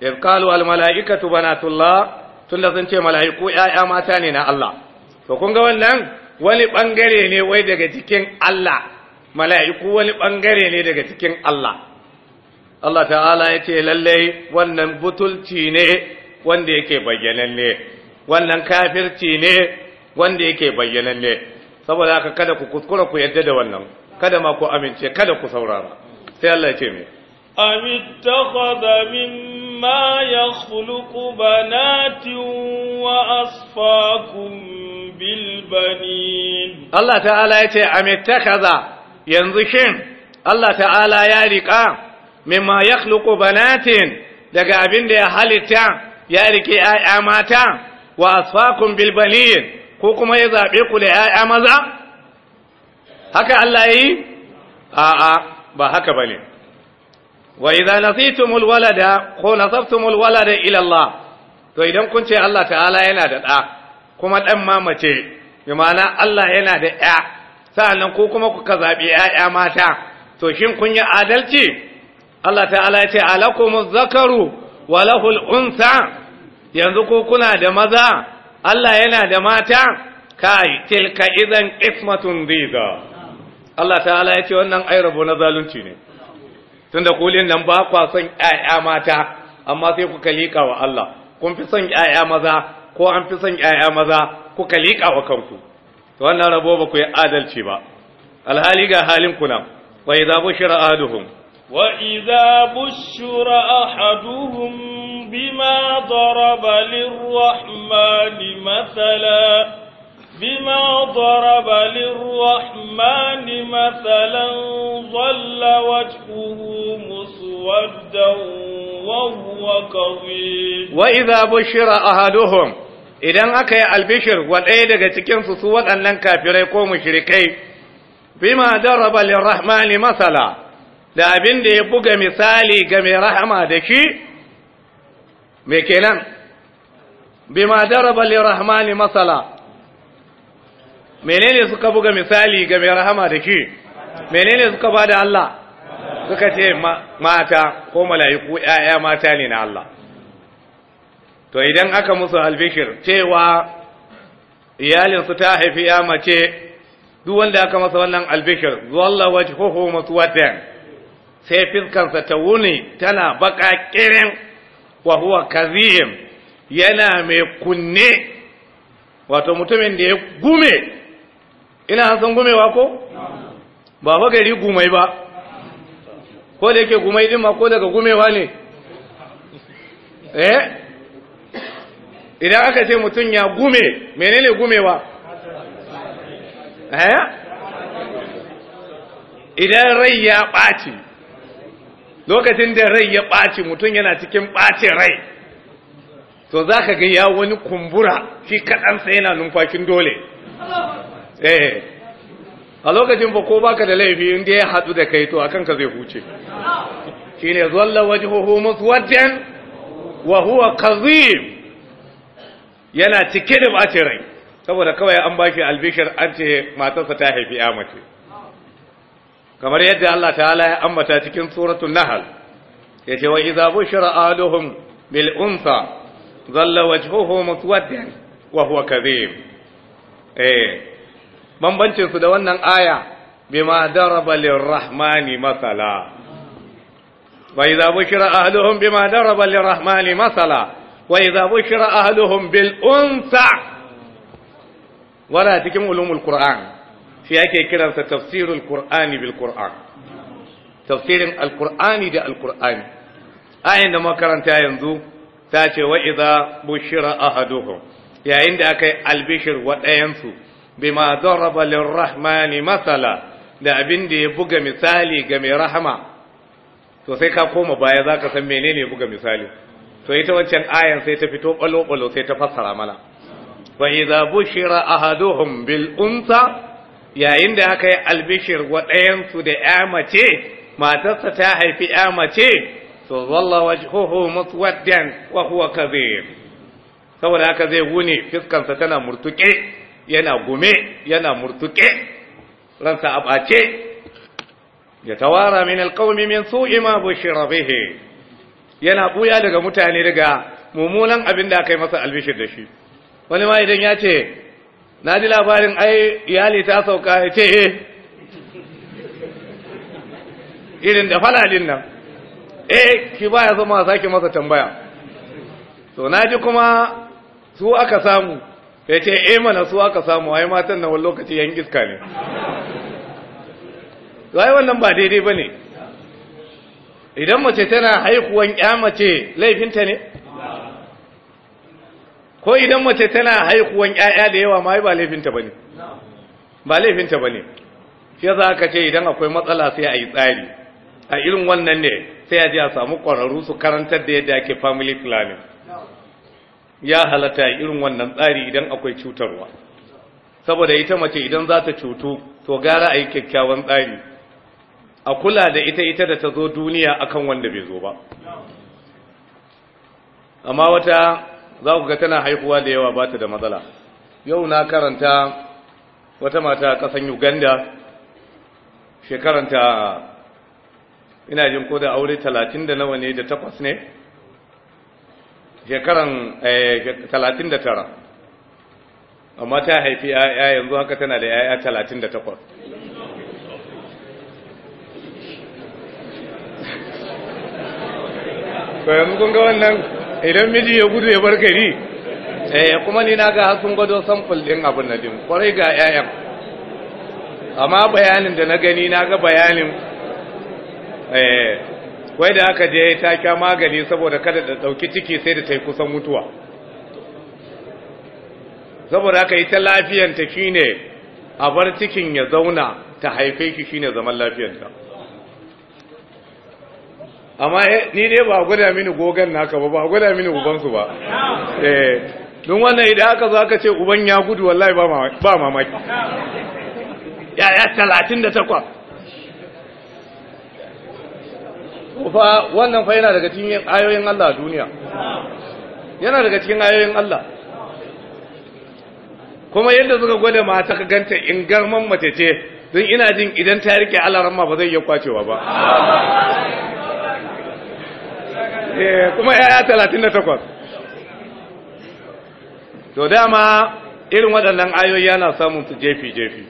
ɗa izqalu al mala'ikatu banatullah da sun ce mala'iku yaya mata ne na Allah to kun ga wannan wani bangare ne wai daga cikin Allah mala'iku wani bangare ne daga cikin Allah Allah ta'ala ya ce lalle wannan butulci ne wanda yake bayyananne wannan kafirci ne wanda yake bayyananne saboda haka kada ku kuskura ku yadda da wannan kada ma ku amince kada ku saurara sai Allah ya ce mai أم اتخذ مما يخلق بنات وأصفاكم بالبنين الله تعالى يتي أم اتخذ ينظشن الله تعالى يارك مما يخلق بنات daga abin da ya halitta ya rike ‘ya'ya mata wa asfakun bilbaniyin ko kuma ya zaɓe ku da ‘ya'ya maza? Haka Allah ya yi? A'a, ba haka ba ne. wa idza nasitumul walada ko nasabtumul walada ila to idan kun ce Allah ta'ala yana da ɗa kuma ɗan ma mace bi ma'ana Allah yana da sa sa'annan ko kuma kuka zaɓi ya'ya mata to shin kun yi adalci Allah ta'ala ya ce alakumuz zakaru wa lahul unsa yanzu ko kuna da maza Allah yana da mata kai tilka idan ismatun diza Allah ta'ala ya ce wannan ai na zalunci ne da kulin nan ba kwa son 'ya'ya mata amma sai kuka liƙa wa Allah kun fi son 'ya'ya maza ko an fi son 'ya'ya maza kuka liƙa wa kanku to wannan rabo ba ku yi adalci ba alhali ga halin kuna wa idza bushira ahaduhum wa idza bushira ahaduhum bima daraba lirrahmani mathala بما ضرب للرحمن مثلا ظل وجهه مسودا وهو كظيم وإذا بشر أحدهم idan aka yi albishir wa daga cikinsu su waɗannan kafirai ko mushrikai bima daraba da abin da ya buga misali ga mai rahama da shi me kenan bima daraba lirrahmani masala menene suka buga misali ga mai rahama da shi menene suka ba da Allah suka ce mata ko mala'iku ‘ya'ya mata ne na Allah to idan aka musu albishir cewa iyalinsu ta haifi ya mace duk wanda aka masa wannan albishir zuwalla waje hoho masu watan sai fiskansa ta wuni tana baka kirin wahuwa kazihim yana mai kunne wato mutumin da ya gume ina san gumewa ko ba fa gari gumai ba ko da yake gumai din ma ko daga gumewa ne eh idan aka ce mutum ya gume menene gumewa eh idan rai ya ɓaci lokacin da rai ya ɓaci mutum yana cikin ɓacin rai to za ka ga ya wani kumbura shi kaɗansa yana numfashin dole Eh, a lokacin ba ko baka da laifi in ya hadu da kai to akan ka zai huce shine zalla waje muswaddan wajen wahuwa kadhib yana cike da bacin rai saboda kawai an bashi albishir an ce matarsa ta haifi ya mace kamar yadda Allah ta'ala ya ambata cikin suratul nahl ya wa idza bushira aluhum bil unsa waje wajhuhu wajen wahuwa huwa eh, bambancin da wannan aya ma daraba lirrahmani masala wa idza bushira ahluhum bima daraba lirrahmani masala wa idza bushira ahluhum bil unsa wala cikin ulumul qur'an shi ake kiransa tafsirul qur'ani bil qur'an tafsirin alqur'ani da alqur'ani ayin da makaranta yanzu ta ce wa idza bushira ahaduhum yayin da aka yi albishir wa ɗayansu bima daraba lirrahmani masala da abin da ya buga misali ga mai rahama to sai ka koma baya zaka san menene buga misali to ita wancan ayan sai ta fito balo balo sai ta fassara mana wa idza bushira ahaduhum bil unsa yayin da aka yi albishir wa ɗayan su da ya mace matarsa ta haifi ya mace to walla wajhuhu muswaddan wa huwa saboda haka zai wune fiskansa tana murtuke yana gume yana murtuke ransa a ɓace ya tawara min alƙaumi min su'i bushira bihi yana buya daga mutane daga mumunan abin da aka yi masa albishir da shi wani ma idan ya ce na ji labarin ai iyali ta sauka ya ce eh irin da falalin nan eh ki baya zama sake masa tambaya to na ji kuma su aka samu ya ce e mana su aka samu ai matan na wani lokaci yan iska ne zai wannan ba daidai ba ne idan mace tana haihuwan ya mace laifinta ne ko idan mace tana haihuwan ƴaƴa da yawa ma ba laifinta ba ne ba laifinta ba ne shi za ka ce idan akwai matsala sai a yi tsari a irin wannan ne sai a ji a samu ƙwararru su karantar da yadda ake family planning ya halatta irin wannan tsari idan akwai cutarwa saboda ita mace idan za ta cutu to gara a yi kyakkyawan tsari a kula da ita ita da ta zo duniya akan wanda bai zo ba amma wata za ku ga tana haihuwa da yawa ba ta da matsala yau na karanta wata mata kasan uganda shekaranta ina jin ko da aure talatin da nawa ne da takwas ne shekaran 39 eh, amma ta haifi ya yanzu haka tana da yaya 38 to yanzu ga wannan idan miji ya gudu ya bar gari eh kuma ni na ga sun gwado sample din abun na din kwarai ga yayan amma bayanin da na gani na ga bayanin eh wai da aka je ta kya magani saboda kada da dauki ciki sai da ta yi kusan mutuwa saboda aka yi ta lafiyanta shine a bar cikin ya zauna ta haife ki shine zaman lafiyanta amma eh, ni dai ba gwada mini gogan naka ba ba gwada mini ubansu ba eh don wannan idan aka zo aka ce uban ya gudu wallahi ba mamaki yaya talatin da fa wannan fa yana daga cikin ayoyin Allah a duniya yana daga cikin ayoyin Allah kuma yadda suka gwada mata ka ganta in garman mace ce don ina jin idan ta rike alaran ma ba zai iya kwacewa ba eh, kuma yaya talatin da takwas to dama irin waɗannan ayoyi yana samun su jefi-jefi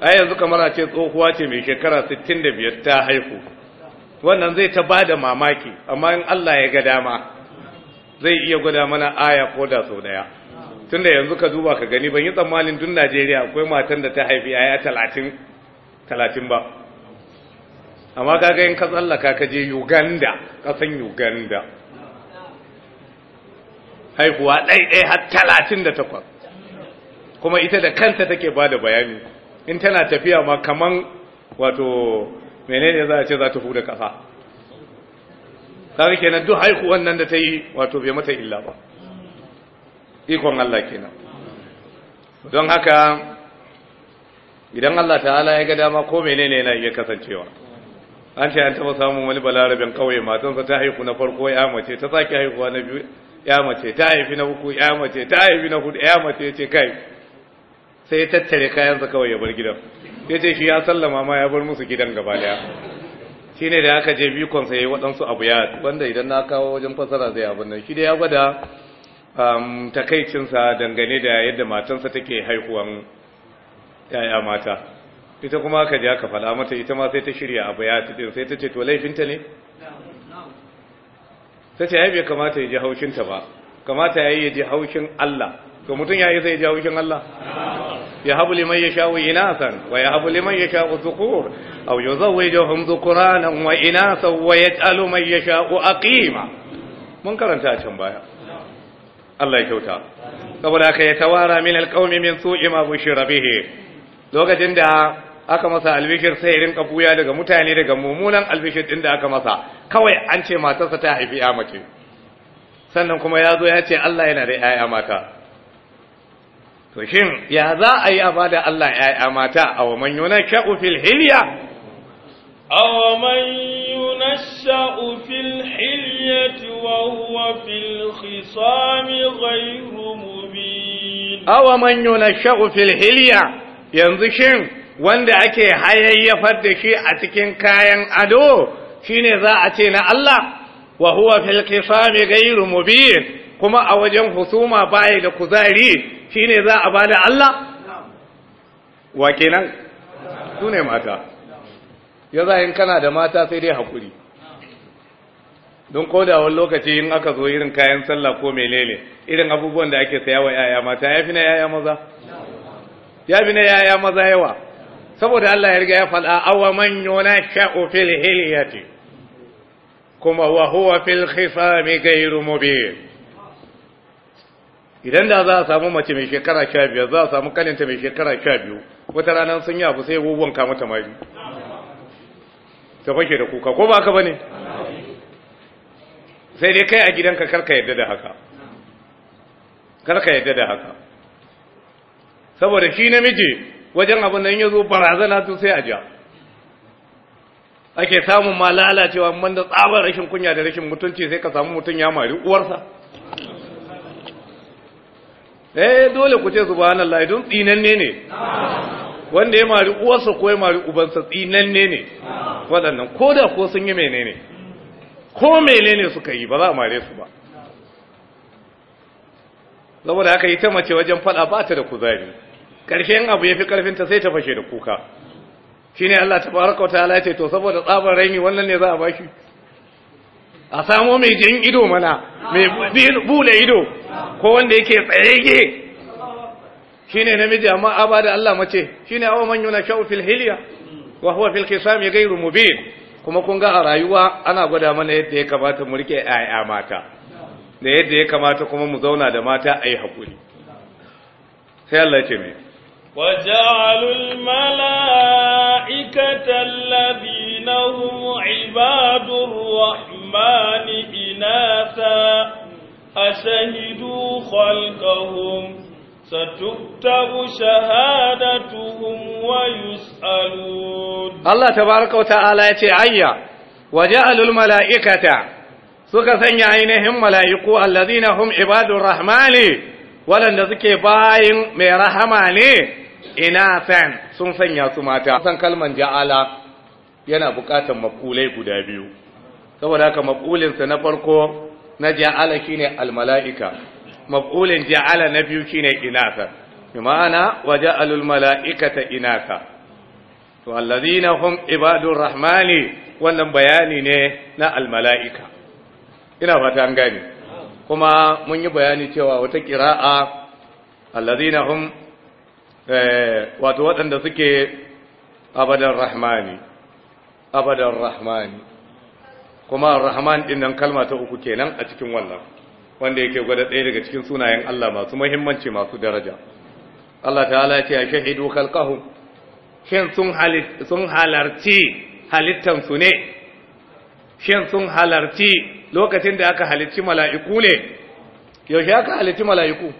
ayyanzu yanzu kamar a ce tsohuwa ce mai shekara 65 ta haihu wannan zai ta bada mamaki amma in Allah ya ga dama zai iya gwada mana aya ko da sau daya tunda yanzu ka duba ka gani ban yi tsammanin tun Najeriya akwai matan da ta haifi aya talatin talatin ba amma kaga in ka tsallaka ka je Uganda kasan Uganda haihuwa ɗaiɗai har talatin da takwas kuma ita da kanta take bada bayani in tana tafiya ma kaman wato menene za a ce za ta huda kasa kaga kenan duk haihuwan nan da ta yi wato bai mata illa ba ikon Allah kenan don haka idan Allah ta'ala ya ga dama ko menene yana iya kasancewa an ce an taba samun wani balarabin kawai matansa ta haihu na farko ya mace ta sake haihuwa na biyu ya mace ta haifi na uku ya mace ta haifi na hudu ya mace ce kai sai ya tattare kayansa kawai ya bar gidan ya ce shi ya sallama ma ya bar musu gidan gaba daya shi ne da aka je bikonsa ya yi waɗansu abu ya wanda idan na kawo wajen fasara zai abin nan shi da ya gwada um, takaicinsa dangane da yadda matansa take haihuwan yaya mata ita kuma aka je aka faɗa mata ita ma sai ta shirya abu ya ɗin sai ta ce to laifinta ne ta ce ya bai kamata ya ji haushinta ba kamata ya yi ya ji haushin Allah to mutum ya yi sai ya ji haushin Allah يهب لمن يشاء إناثا ويهب لمن يشاء الذكور أو يزوجهم ذكرانا وإناثا ويجعل من يشاء أقيما من can baya. بايا الله kyauta. saboda aka ya tawara min alƙaumi min su'i ma bushira bihi lokacin da aka masa albishir sai irin buya daga mutane daga mummunan albishir din da aka masa kawai an ce matarsa ta haifi ya mace sannan kuma ya zo ya ce Allah yana da 'ya'ya mata to shin ya za a yi a da Allah ‘ya'ya mata a wa na yuna fil hilya? A wa man yuna fil hiliyati wa huwa fil khisami ghairu mubin. A wa na yuna fil hilya, yanzu shin wanda ake hayayyafar da shi a cikin kayan ado shine za a ce na Allah wa huwa fil khisami ghairu kuma a wajen husuma baya da kuzari Shi ne za a bada Allah wa kenan su ne mata ya za in kana da mata sai dai haƙuri don kodawar lokaci in aka zo irin kayan sallah ko mai melele irin abubuwan da ake saya wa yaya mata ya fi na yaya maza ya fi na yaya maza yawa saboda Allah ya riga ya fada awa man yona sha'u fil hiliyati kuma wa huwa fil khisami ghairu mubin idan da za a samu mace mai shekara sha biyar za a samu kaninta mai shekara sha biyu wata ranar sun yi abu sai wanka mata mari ta fashe da kuka ko ba ka ba ne sai dai kai a gidanka karka yadda da haka karka yadda da haka saboda shi namiji wajen abin nan ya zo barazana tun sai a ja ake samun ma lalacewa man da tsabar rashin kunya da rashin mutunci sai ka samu mutum ya mari uwarsa eh dole ku ce subhanallahi don tsinanne ne wanda ya mari uwarsa ko ya mari ubansa tsinanne ne waɗannan ko da ko sun yi menene ko menene suka yi ba za a mare su ba saboda haka yi ta mace wajen faɗa ba ta da kuzari ƙarshen abu ya fi ƙarfinta sai ta fashe da kuka shine Allah tabaraka wa ta'ala ya ce to saboda tsabar raini wannan ne za a bashi a samo mai jan ido mana mai bule ido ko wanda yake tsayayye shine namiji amma aba da Allah mace shine awa man yuna sha'u fil hilya wa huwa fil khisam ghayru mubin kuma kun ga a rayuwa ana gwada mana yadda ya kamata mu rike ayya mata da yadda ya kamata kuma mu zauna da mata ayi hakuri sai Allah ce mai وجعلوا الملائكة الذين هم عباد الرحمن إناثا أشهدوا خلقهم ستكتب شهادتهم ويسألون الله تبارك وتعالى يتعيى وجعلوا الملائكة سكسن يعينهم ملائكو الذين هم عباد الرحمن ولن ذكي باين من رحمانه san sun sanya su mata san kalman ja'ala yana bukatan maqulai guda biyu saboda haka maqulin sa na farko na ja'ala shine almalaiika maqulin ja'ala na biyu shine ina bi ma'ana waja'alul malaikata inaka to alladhina hum ibadur rahmani wannan bayani ne na almalaiika ina fata an gane kuma mun yi bayani cewa wata qira'a alladhina hum Eh, wato waɗanda suke abadan rahmani abadan rahmani kuma rahman ɗin nan kalma ta uku kenan a cikin wannan wanda yake gwada ɗaya daga cikin sunayen Allah masu mahimmanci masu daraja Allah ta ala ce a shahidu khalqahum shin sun sun halarci halittan su ne shin sun halarci lokacin da aka halicci mala'iku ne yaushe aka halicci mala'iku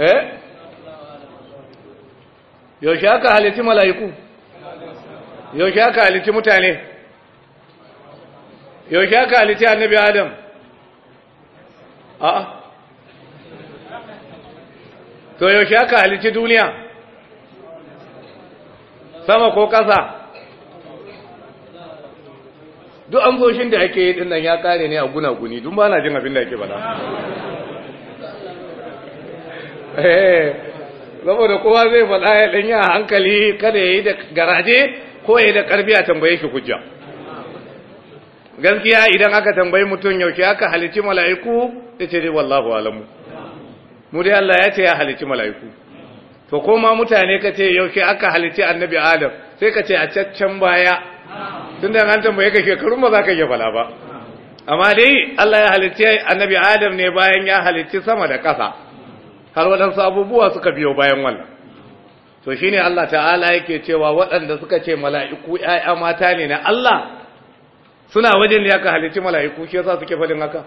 eh yaushe aka halitti mala'iku yaushe aka halitti mutane yaushe aka halitti annabi adam a'a to yaushe aka halitti duniya sama ko ƙasa duk an goshin da ake yi ɗin nan ya ƙare ne a guna guni dun ba na jin abin da ake bada Eh, saboda kowa zai faɗa ya ɗanya a hankali kada ya yi da garaje ko ya yi da ƙarfi a tambaye shi hujja gaskiya idan aka tambayi mutum yaushe aka halici mala'iku ya ce dai wallahu alamu mu dai Allah ya ce ya halici mala'iku to ko ma mutane ka ce yaushe aka halici annabi adam sai ka ce a caccan baya tun da an tambaye ka shekaru ba za ka iya fala ba amma dai Allah ya halici annabi adam ne bayan ya halici sama da ƙasa har waɗansu abubuwa suka biyo bayan wannan to shine Allah ta'ala yake cewa waɗanda suka ce mala'iku ƴaƴa mata ne na Allah suna wajen da aka halici mala'iku shi yasa suke faɗin haka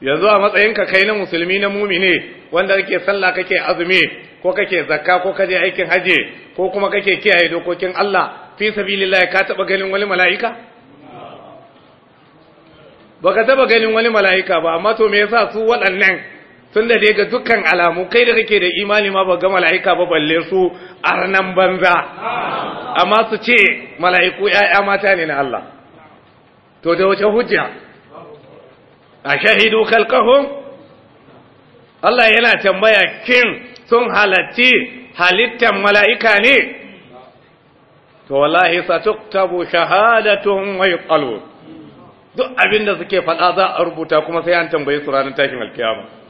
yanzu a matsayinka kai na musulmi na ne wanda kake sallah kake azumi ko kake zakka ko kaje aikin haje ko kuma kake kiyaye dokokin Allah fi sabilillah ka taba ganin wani mala'ika baka taba ganin wani mala'ika ba amma to me yasa su waɗannan tun da dai ga dukkan alamu kai da kake da imani ma ba ga mala'ika ba balle su arnan banza amma su ce mala'iku ‘ya'ya mata ne na Allah to da wace hujja a shahidu kalkahun Allah yana tambaya kin sun halatti halittan mala'ika ne to wallahi tuktabu shahadatun wa yuqalu duk abinda suke faɗa za a rubuta kuma sai an tambaye su ranar tashin alkiyama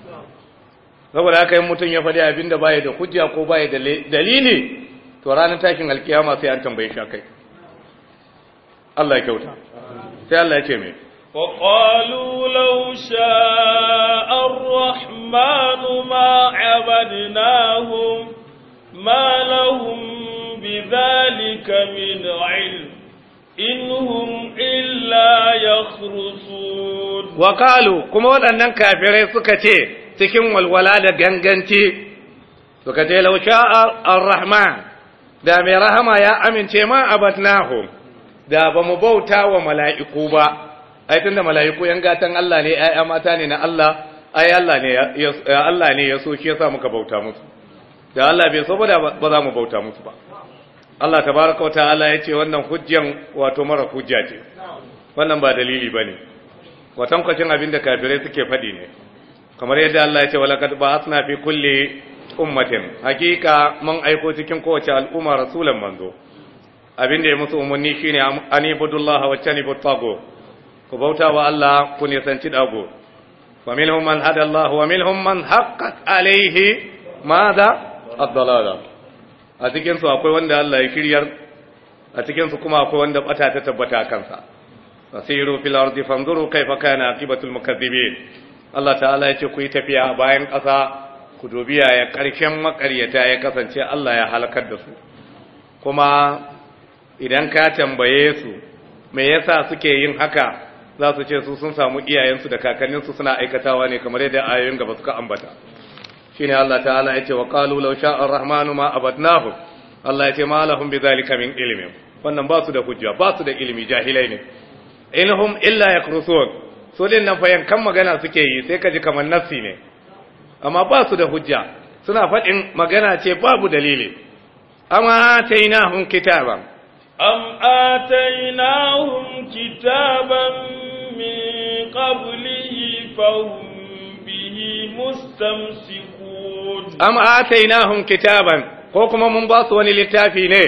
saboda haka yin mutum ya faɗi abin da baya da hujja ko baya da dalili to ranar takin alkiyama sai an tambaye shi akai Allah ya kyauta sai Allah ya ce mai وقالوا لو شاء الرحمن ما عبدناهم ما لهم بذلك من علم إنهم إلا يخرصون وقالوا كما ودنن كافرين سكتي cikin walwala da ganganci suka ce lausha ar-rahman da mai rahama ya amince ma abatnahu da ba mu bauta wa mala'iku ba ai tunda mala'iku yan gatan Allah ne ai mata ne na Allah ai Allah ne Allah ne ya so shi yasa muka bauta musu da Allah bai so ba ba za mu bauta musu ba Allah tabaraka Allah ya ce wannan hujjan wato mara hujja ce wannan ba dalili bane watankwacin abin da kafirai suke faɗi ne kamar yadda Allah ya ce walaqad ba'athna fi kulli ummatin hakika mun aiko cikin kowace al'umma rasulan manzo abin da ya musu umarni shine an ibudullah wa tanibu tago ku bauta wa Allah ku nisanci dago wa minhum man hada Allah wa minhum man haqqat alaihi madha ad-dalala a cikin su akwai wanda Allah ya shiryar a cikin su kuma akwai wanda bata ta tabbata kansa fasiru fil ardi fanzuru kayfa kana aqibatul mukaththibin Allah ta'ala ya ce ku yi tafiya bayan ƙasa ku dubi ya ƙarshen makaryata ya kasance Allah ya halakar da su kuma idan ka tambaye su me yasa suke yin haka za su ce su sun samu iyayensu da kakanninsu suna aikatawa ne kamar yadda ayoyin gaba suka ambata shine Allah ta'ala ya ce wa qalu law sha'a ar-rahmanu ma abadnahu Allah ya ce ma lahum bidhalika min ilmin wannan ba su da hujja ba su da ilimi jahilai ne inhum illa yakrusun su din nan kan magana suke yi sai ka ji kamar nassi ne amma ba su da hujja suna faɗin magana ce babu dalili amma atainahum kitaban am atainahum kitaban min qablihi fahum bihi mustamsikun am atainahum kitaban ko kuma mun ba su wani littafi ne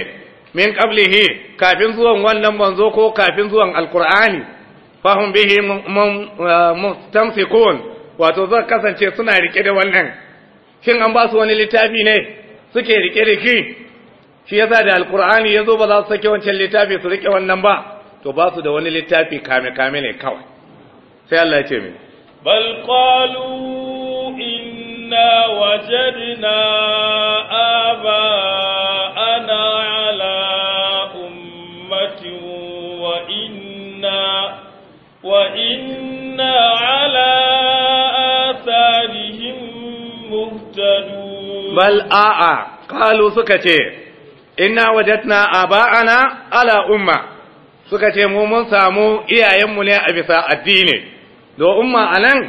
min qablihi kafin zuwan wannan manzo ko kafin zuwan alqur'ani fahim bihi uh, mustamsikun wato zan kasance suna rike da wannan shin an ba su wani littafi ne suke rike da shi, shi yasa da alkur'ani yazo ba za su sake wancan littafi su rike wannan ba to ba su da wani littafi kame kame ne kawai sai Allah ya ce mini bal qalu inna wajadna aba Bal a'a. آثارهم suka ce ina قالوا na إنا ala umma, suka ce mu mun samu iyayenmu ne a bisa addini do umma anan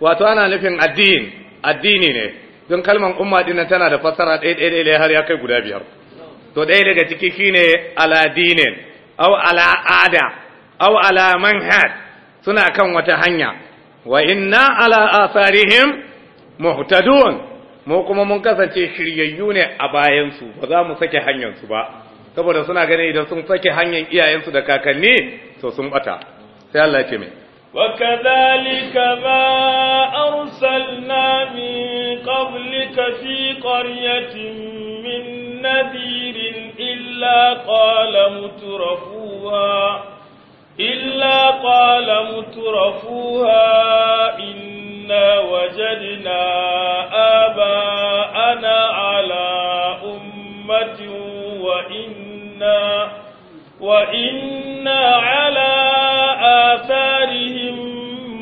wato ana nufin addini addini ne don kalman umma din tana da fassara ɗaya ɗaya har ya kai guda biyar to ɗaya daga ciki shine ala dinin aw ala ada aw ala manhaj suna kan wata hanya wa inna ala asarihim muhtadun mu kuma mun kasance shiryayyu ne a bayansu su ba za mu sake hanyar su ba saboda suna ganin idan sun sake hanyar iyayensu da kakanni to sun bata sai Allah ya ce mai وكذلك ما أرسلنا من قبلك في قرية من نذير إلا قال مترفوها إلا قال مترفوها إنا وجدنا آباءنا على أمة وإنا وإنا على آثارهم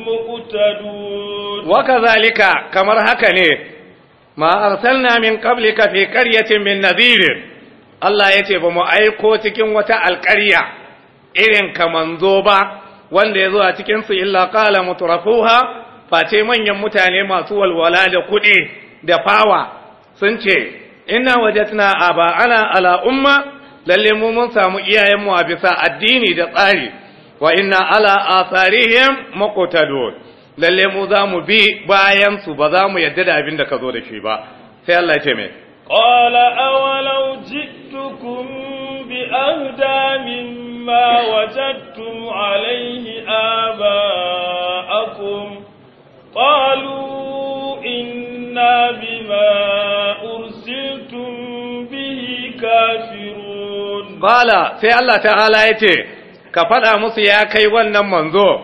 مقتدون وكذلك كما هكني ما أرسلنا من قبلك في قرية من نذير الله يتي بمؤيكو تكن وتأل قريه irin ka manzo ba wanda ya zo a cikinsu illa ƙala mutarafuha face manyan mutane masu walwala da kuɗi da fawa sun ce ina wajatna a ba ana ala umma lalle mu mun samu iyayenmu a bisa addini da tsari wa inna ala asarihim maqtadun lalle mu za mu bi bayansu, su ba za mu yadda da abin da ka zo da shi ba sai Allah ya ce me qala awalau jitukum بأهدى مما وجدتم عليه آباءكم قالوا إنا بما أرسلتم به كافرون قال في الله تعالى يتي كفر أمس يا كي ونن منذو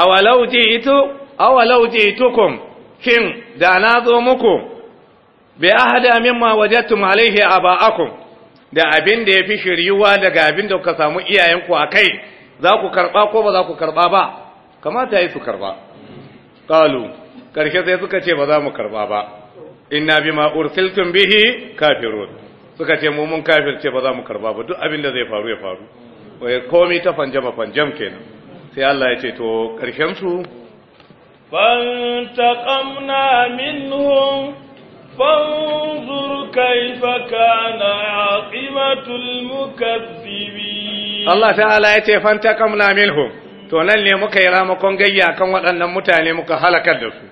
أولو جئتو أولو جئتكم شن دانا ذو مكم مما وجدتم عليه آباءكم da abin da ya fi shiryuwa daga abin da kuka samu iyayenku a kai za ku karɓa ko ba za ku karɓa ba kamata yi su karɓa ƙalu ƙarshe sai suka ce ba za mu karɓa ba inna bi ma ursiltum bihi kafirun suka ce mu mun kafir ce ba za mu karɓa ba duk abin da zai faru ya faru wai komai ta fanjama fanjam kenan sai Allah ya ce to ƙarshen su فانتقمنا minhum فانظر كيف كان عاقبة المكذبين الله تعالى يتي فانتقمنا منهم to nan ne muka yi ramakon gayya kan waɗannan mutane muka halakar da su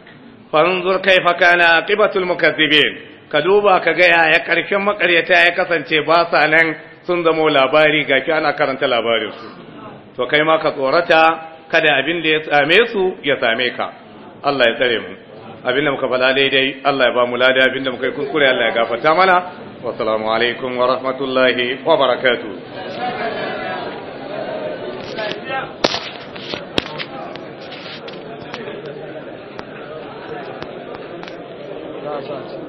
fanzur kaifa kana aqibatul mukazzibin ka duba ka gaya, ya karshen makaryata ya kasance ba sa nan sun zamo labari ga ki ana karanta labarin su to kai ma ka tsorata kada abin da ya same su ya same ka Allah ya tsare mu abinda muka fada daidai Allah ya ba mu lada abinda muka yi kuskure Allah ya gafarta mana wa salamu alaikum wa rahmatullahi wa barakatuh Gracias.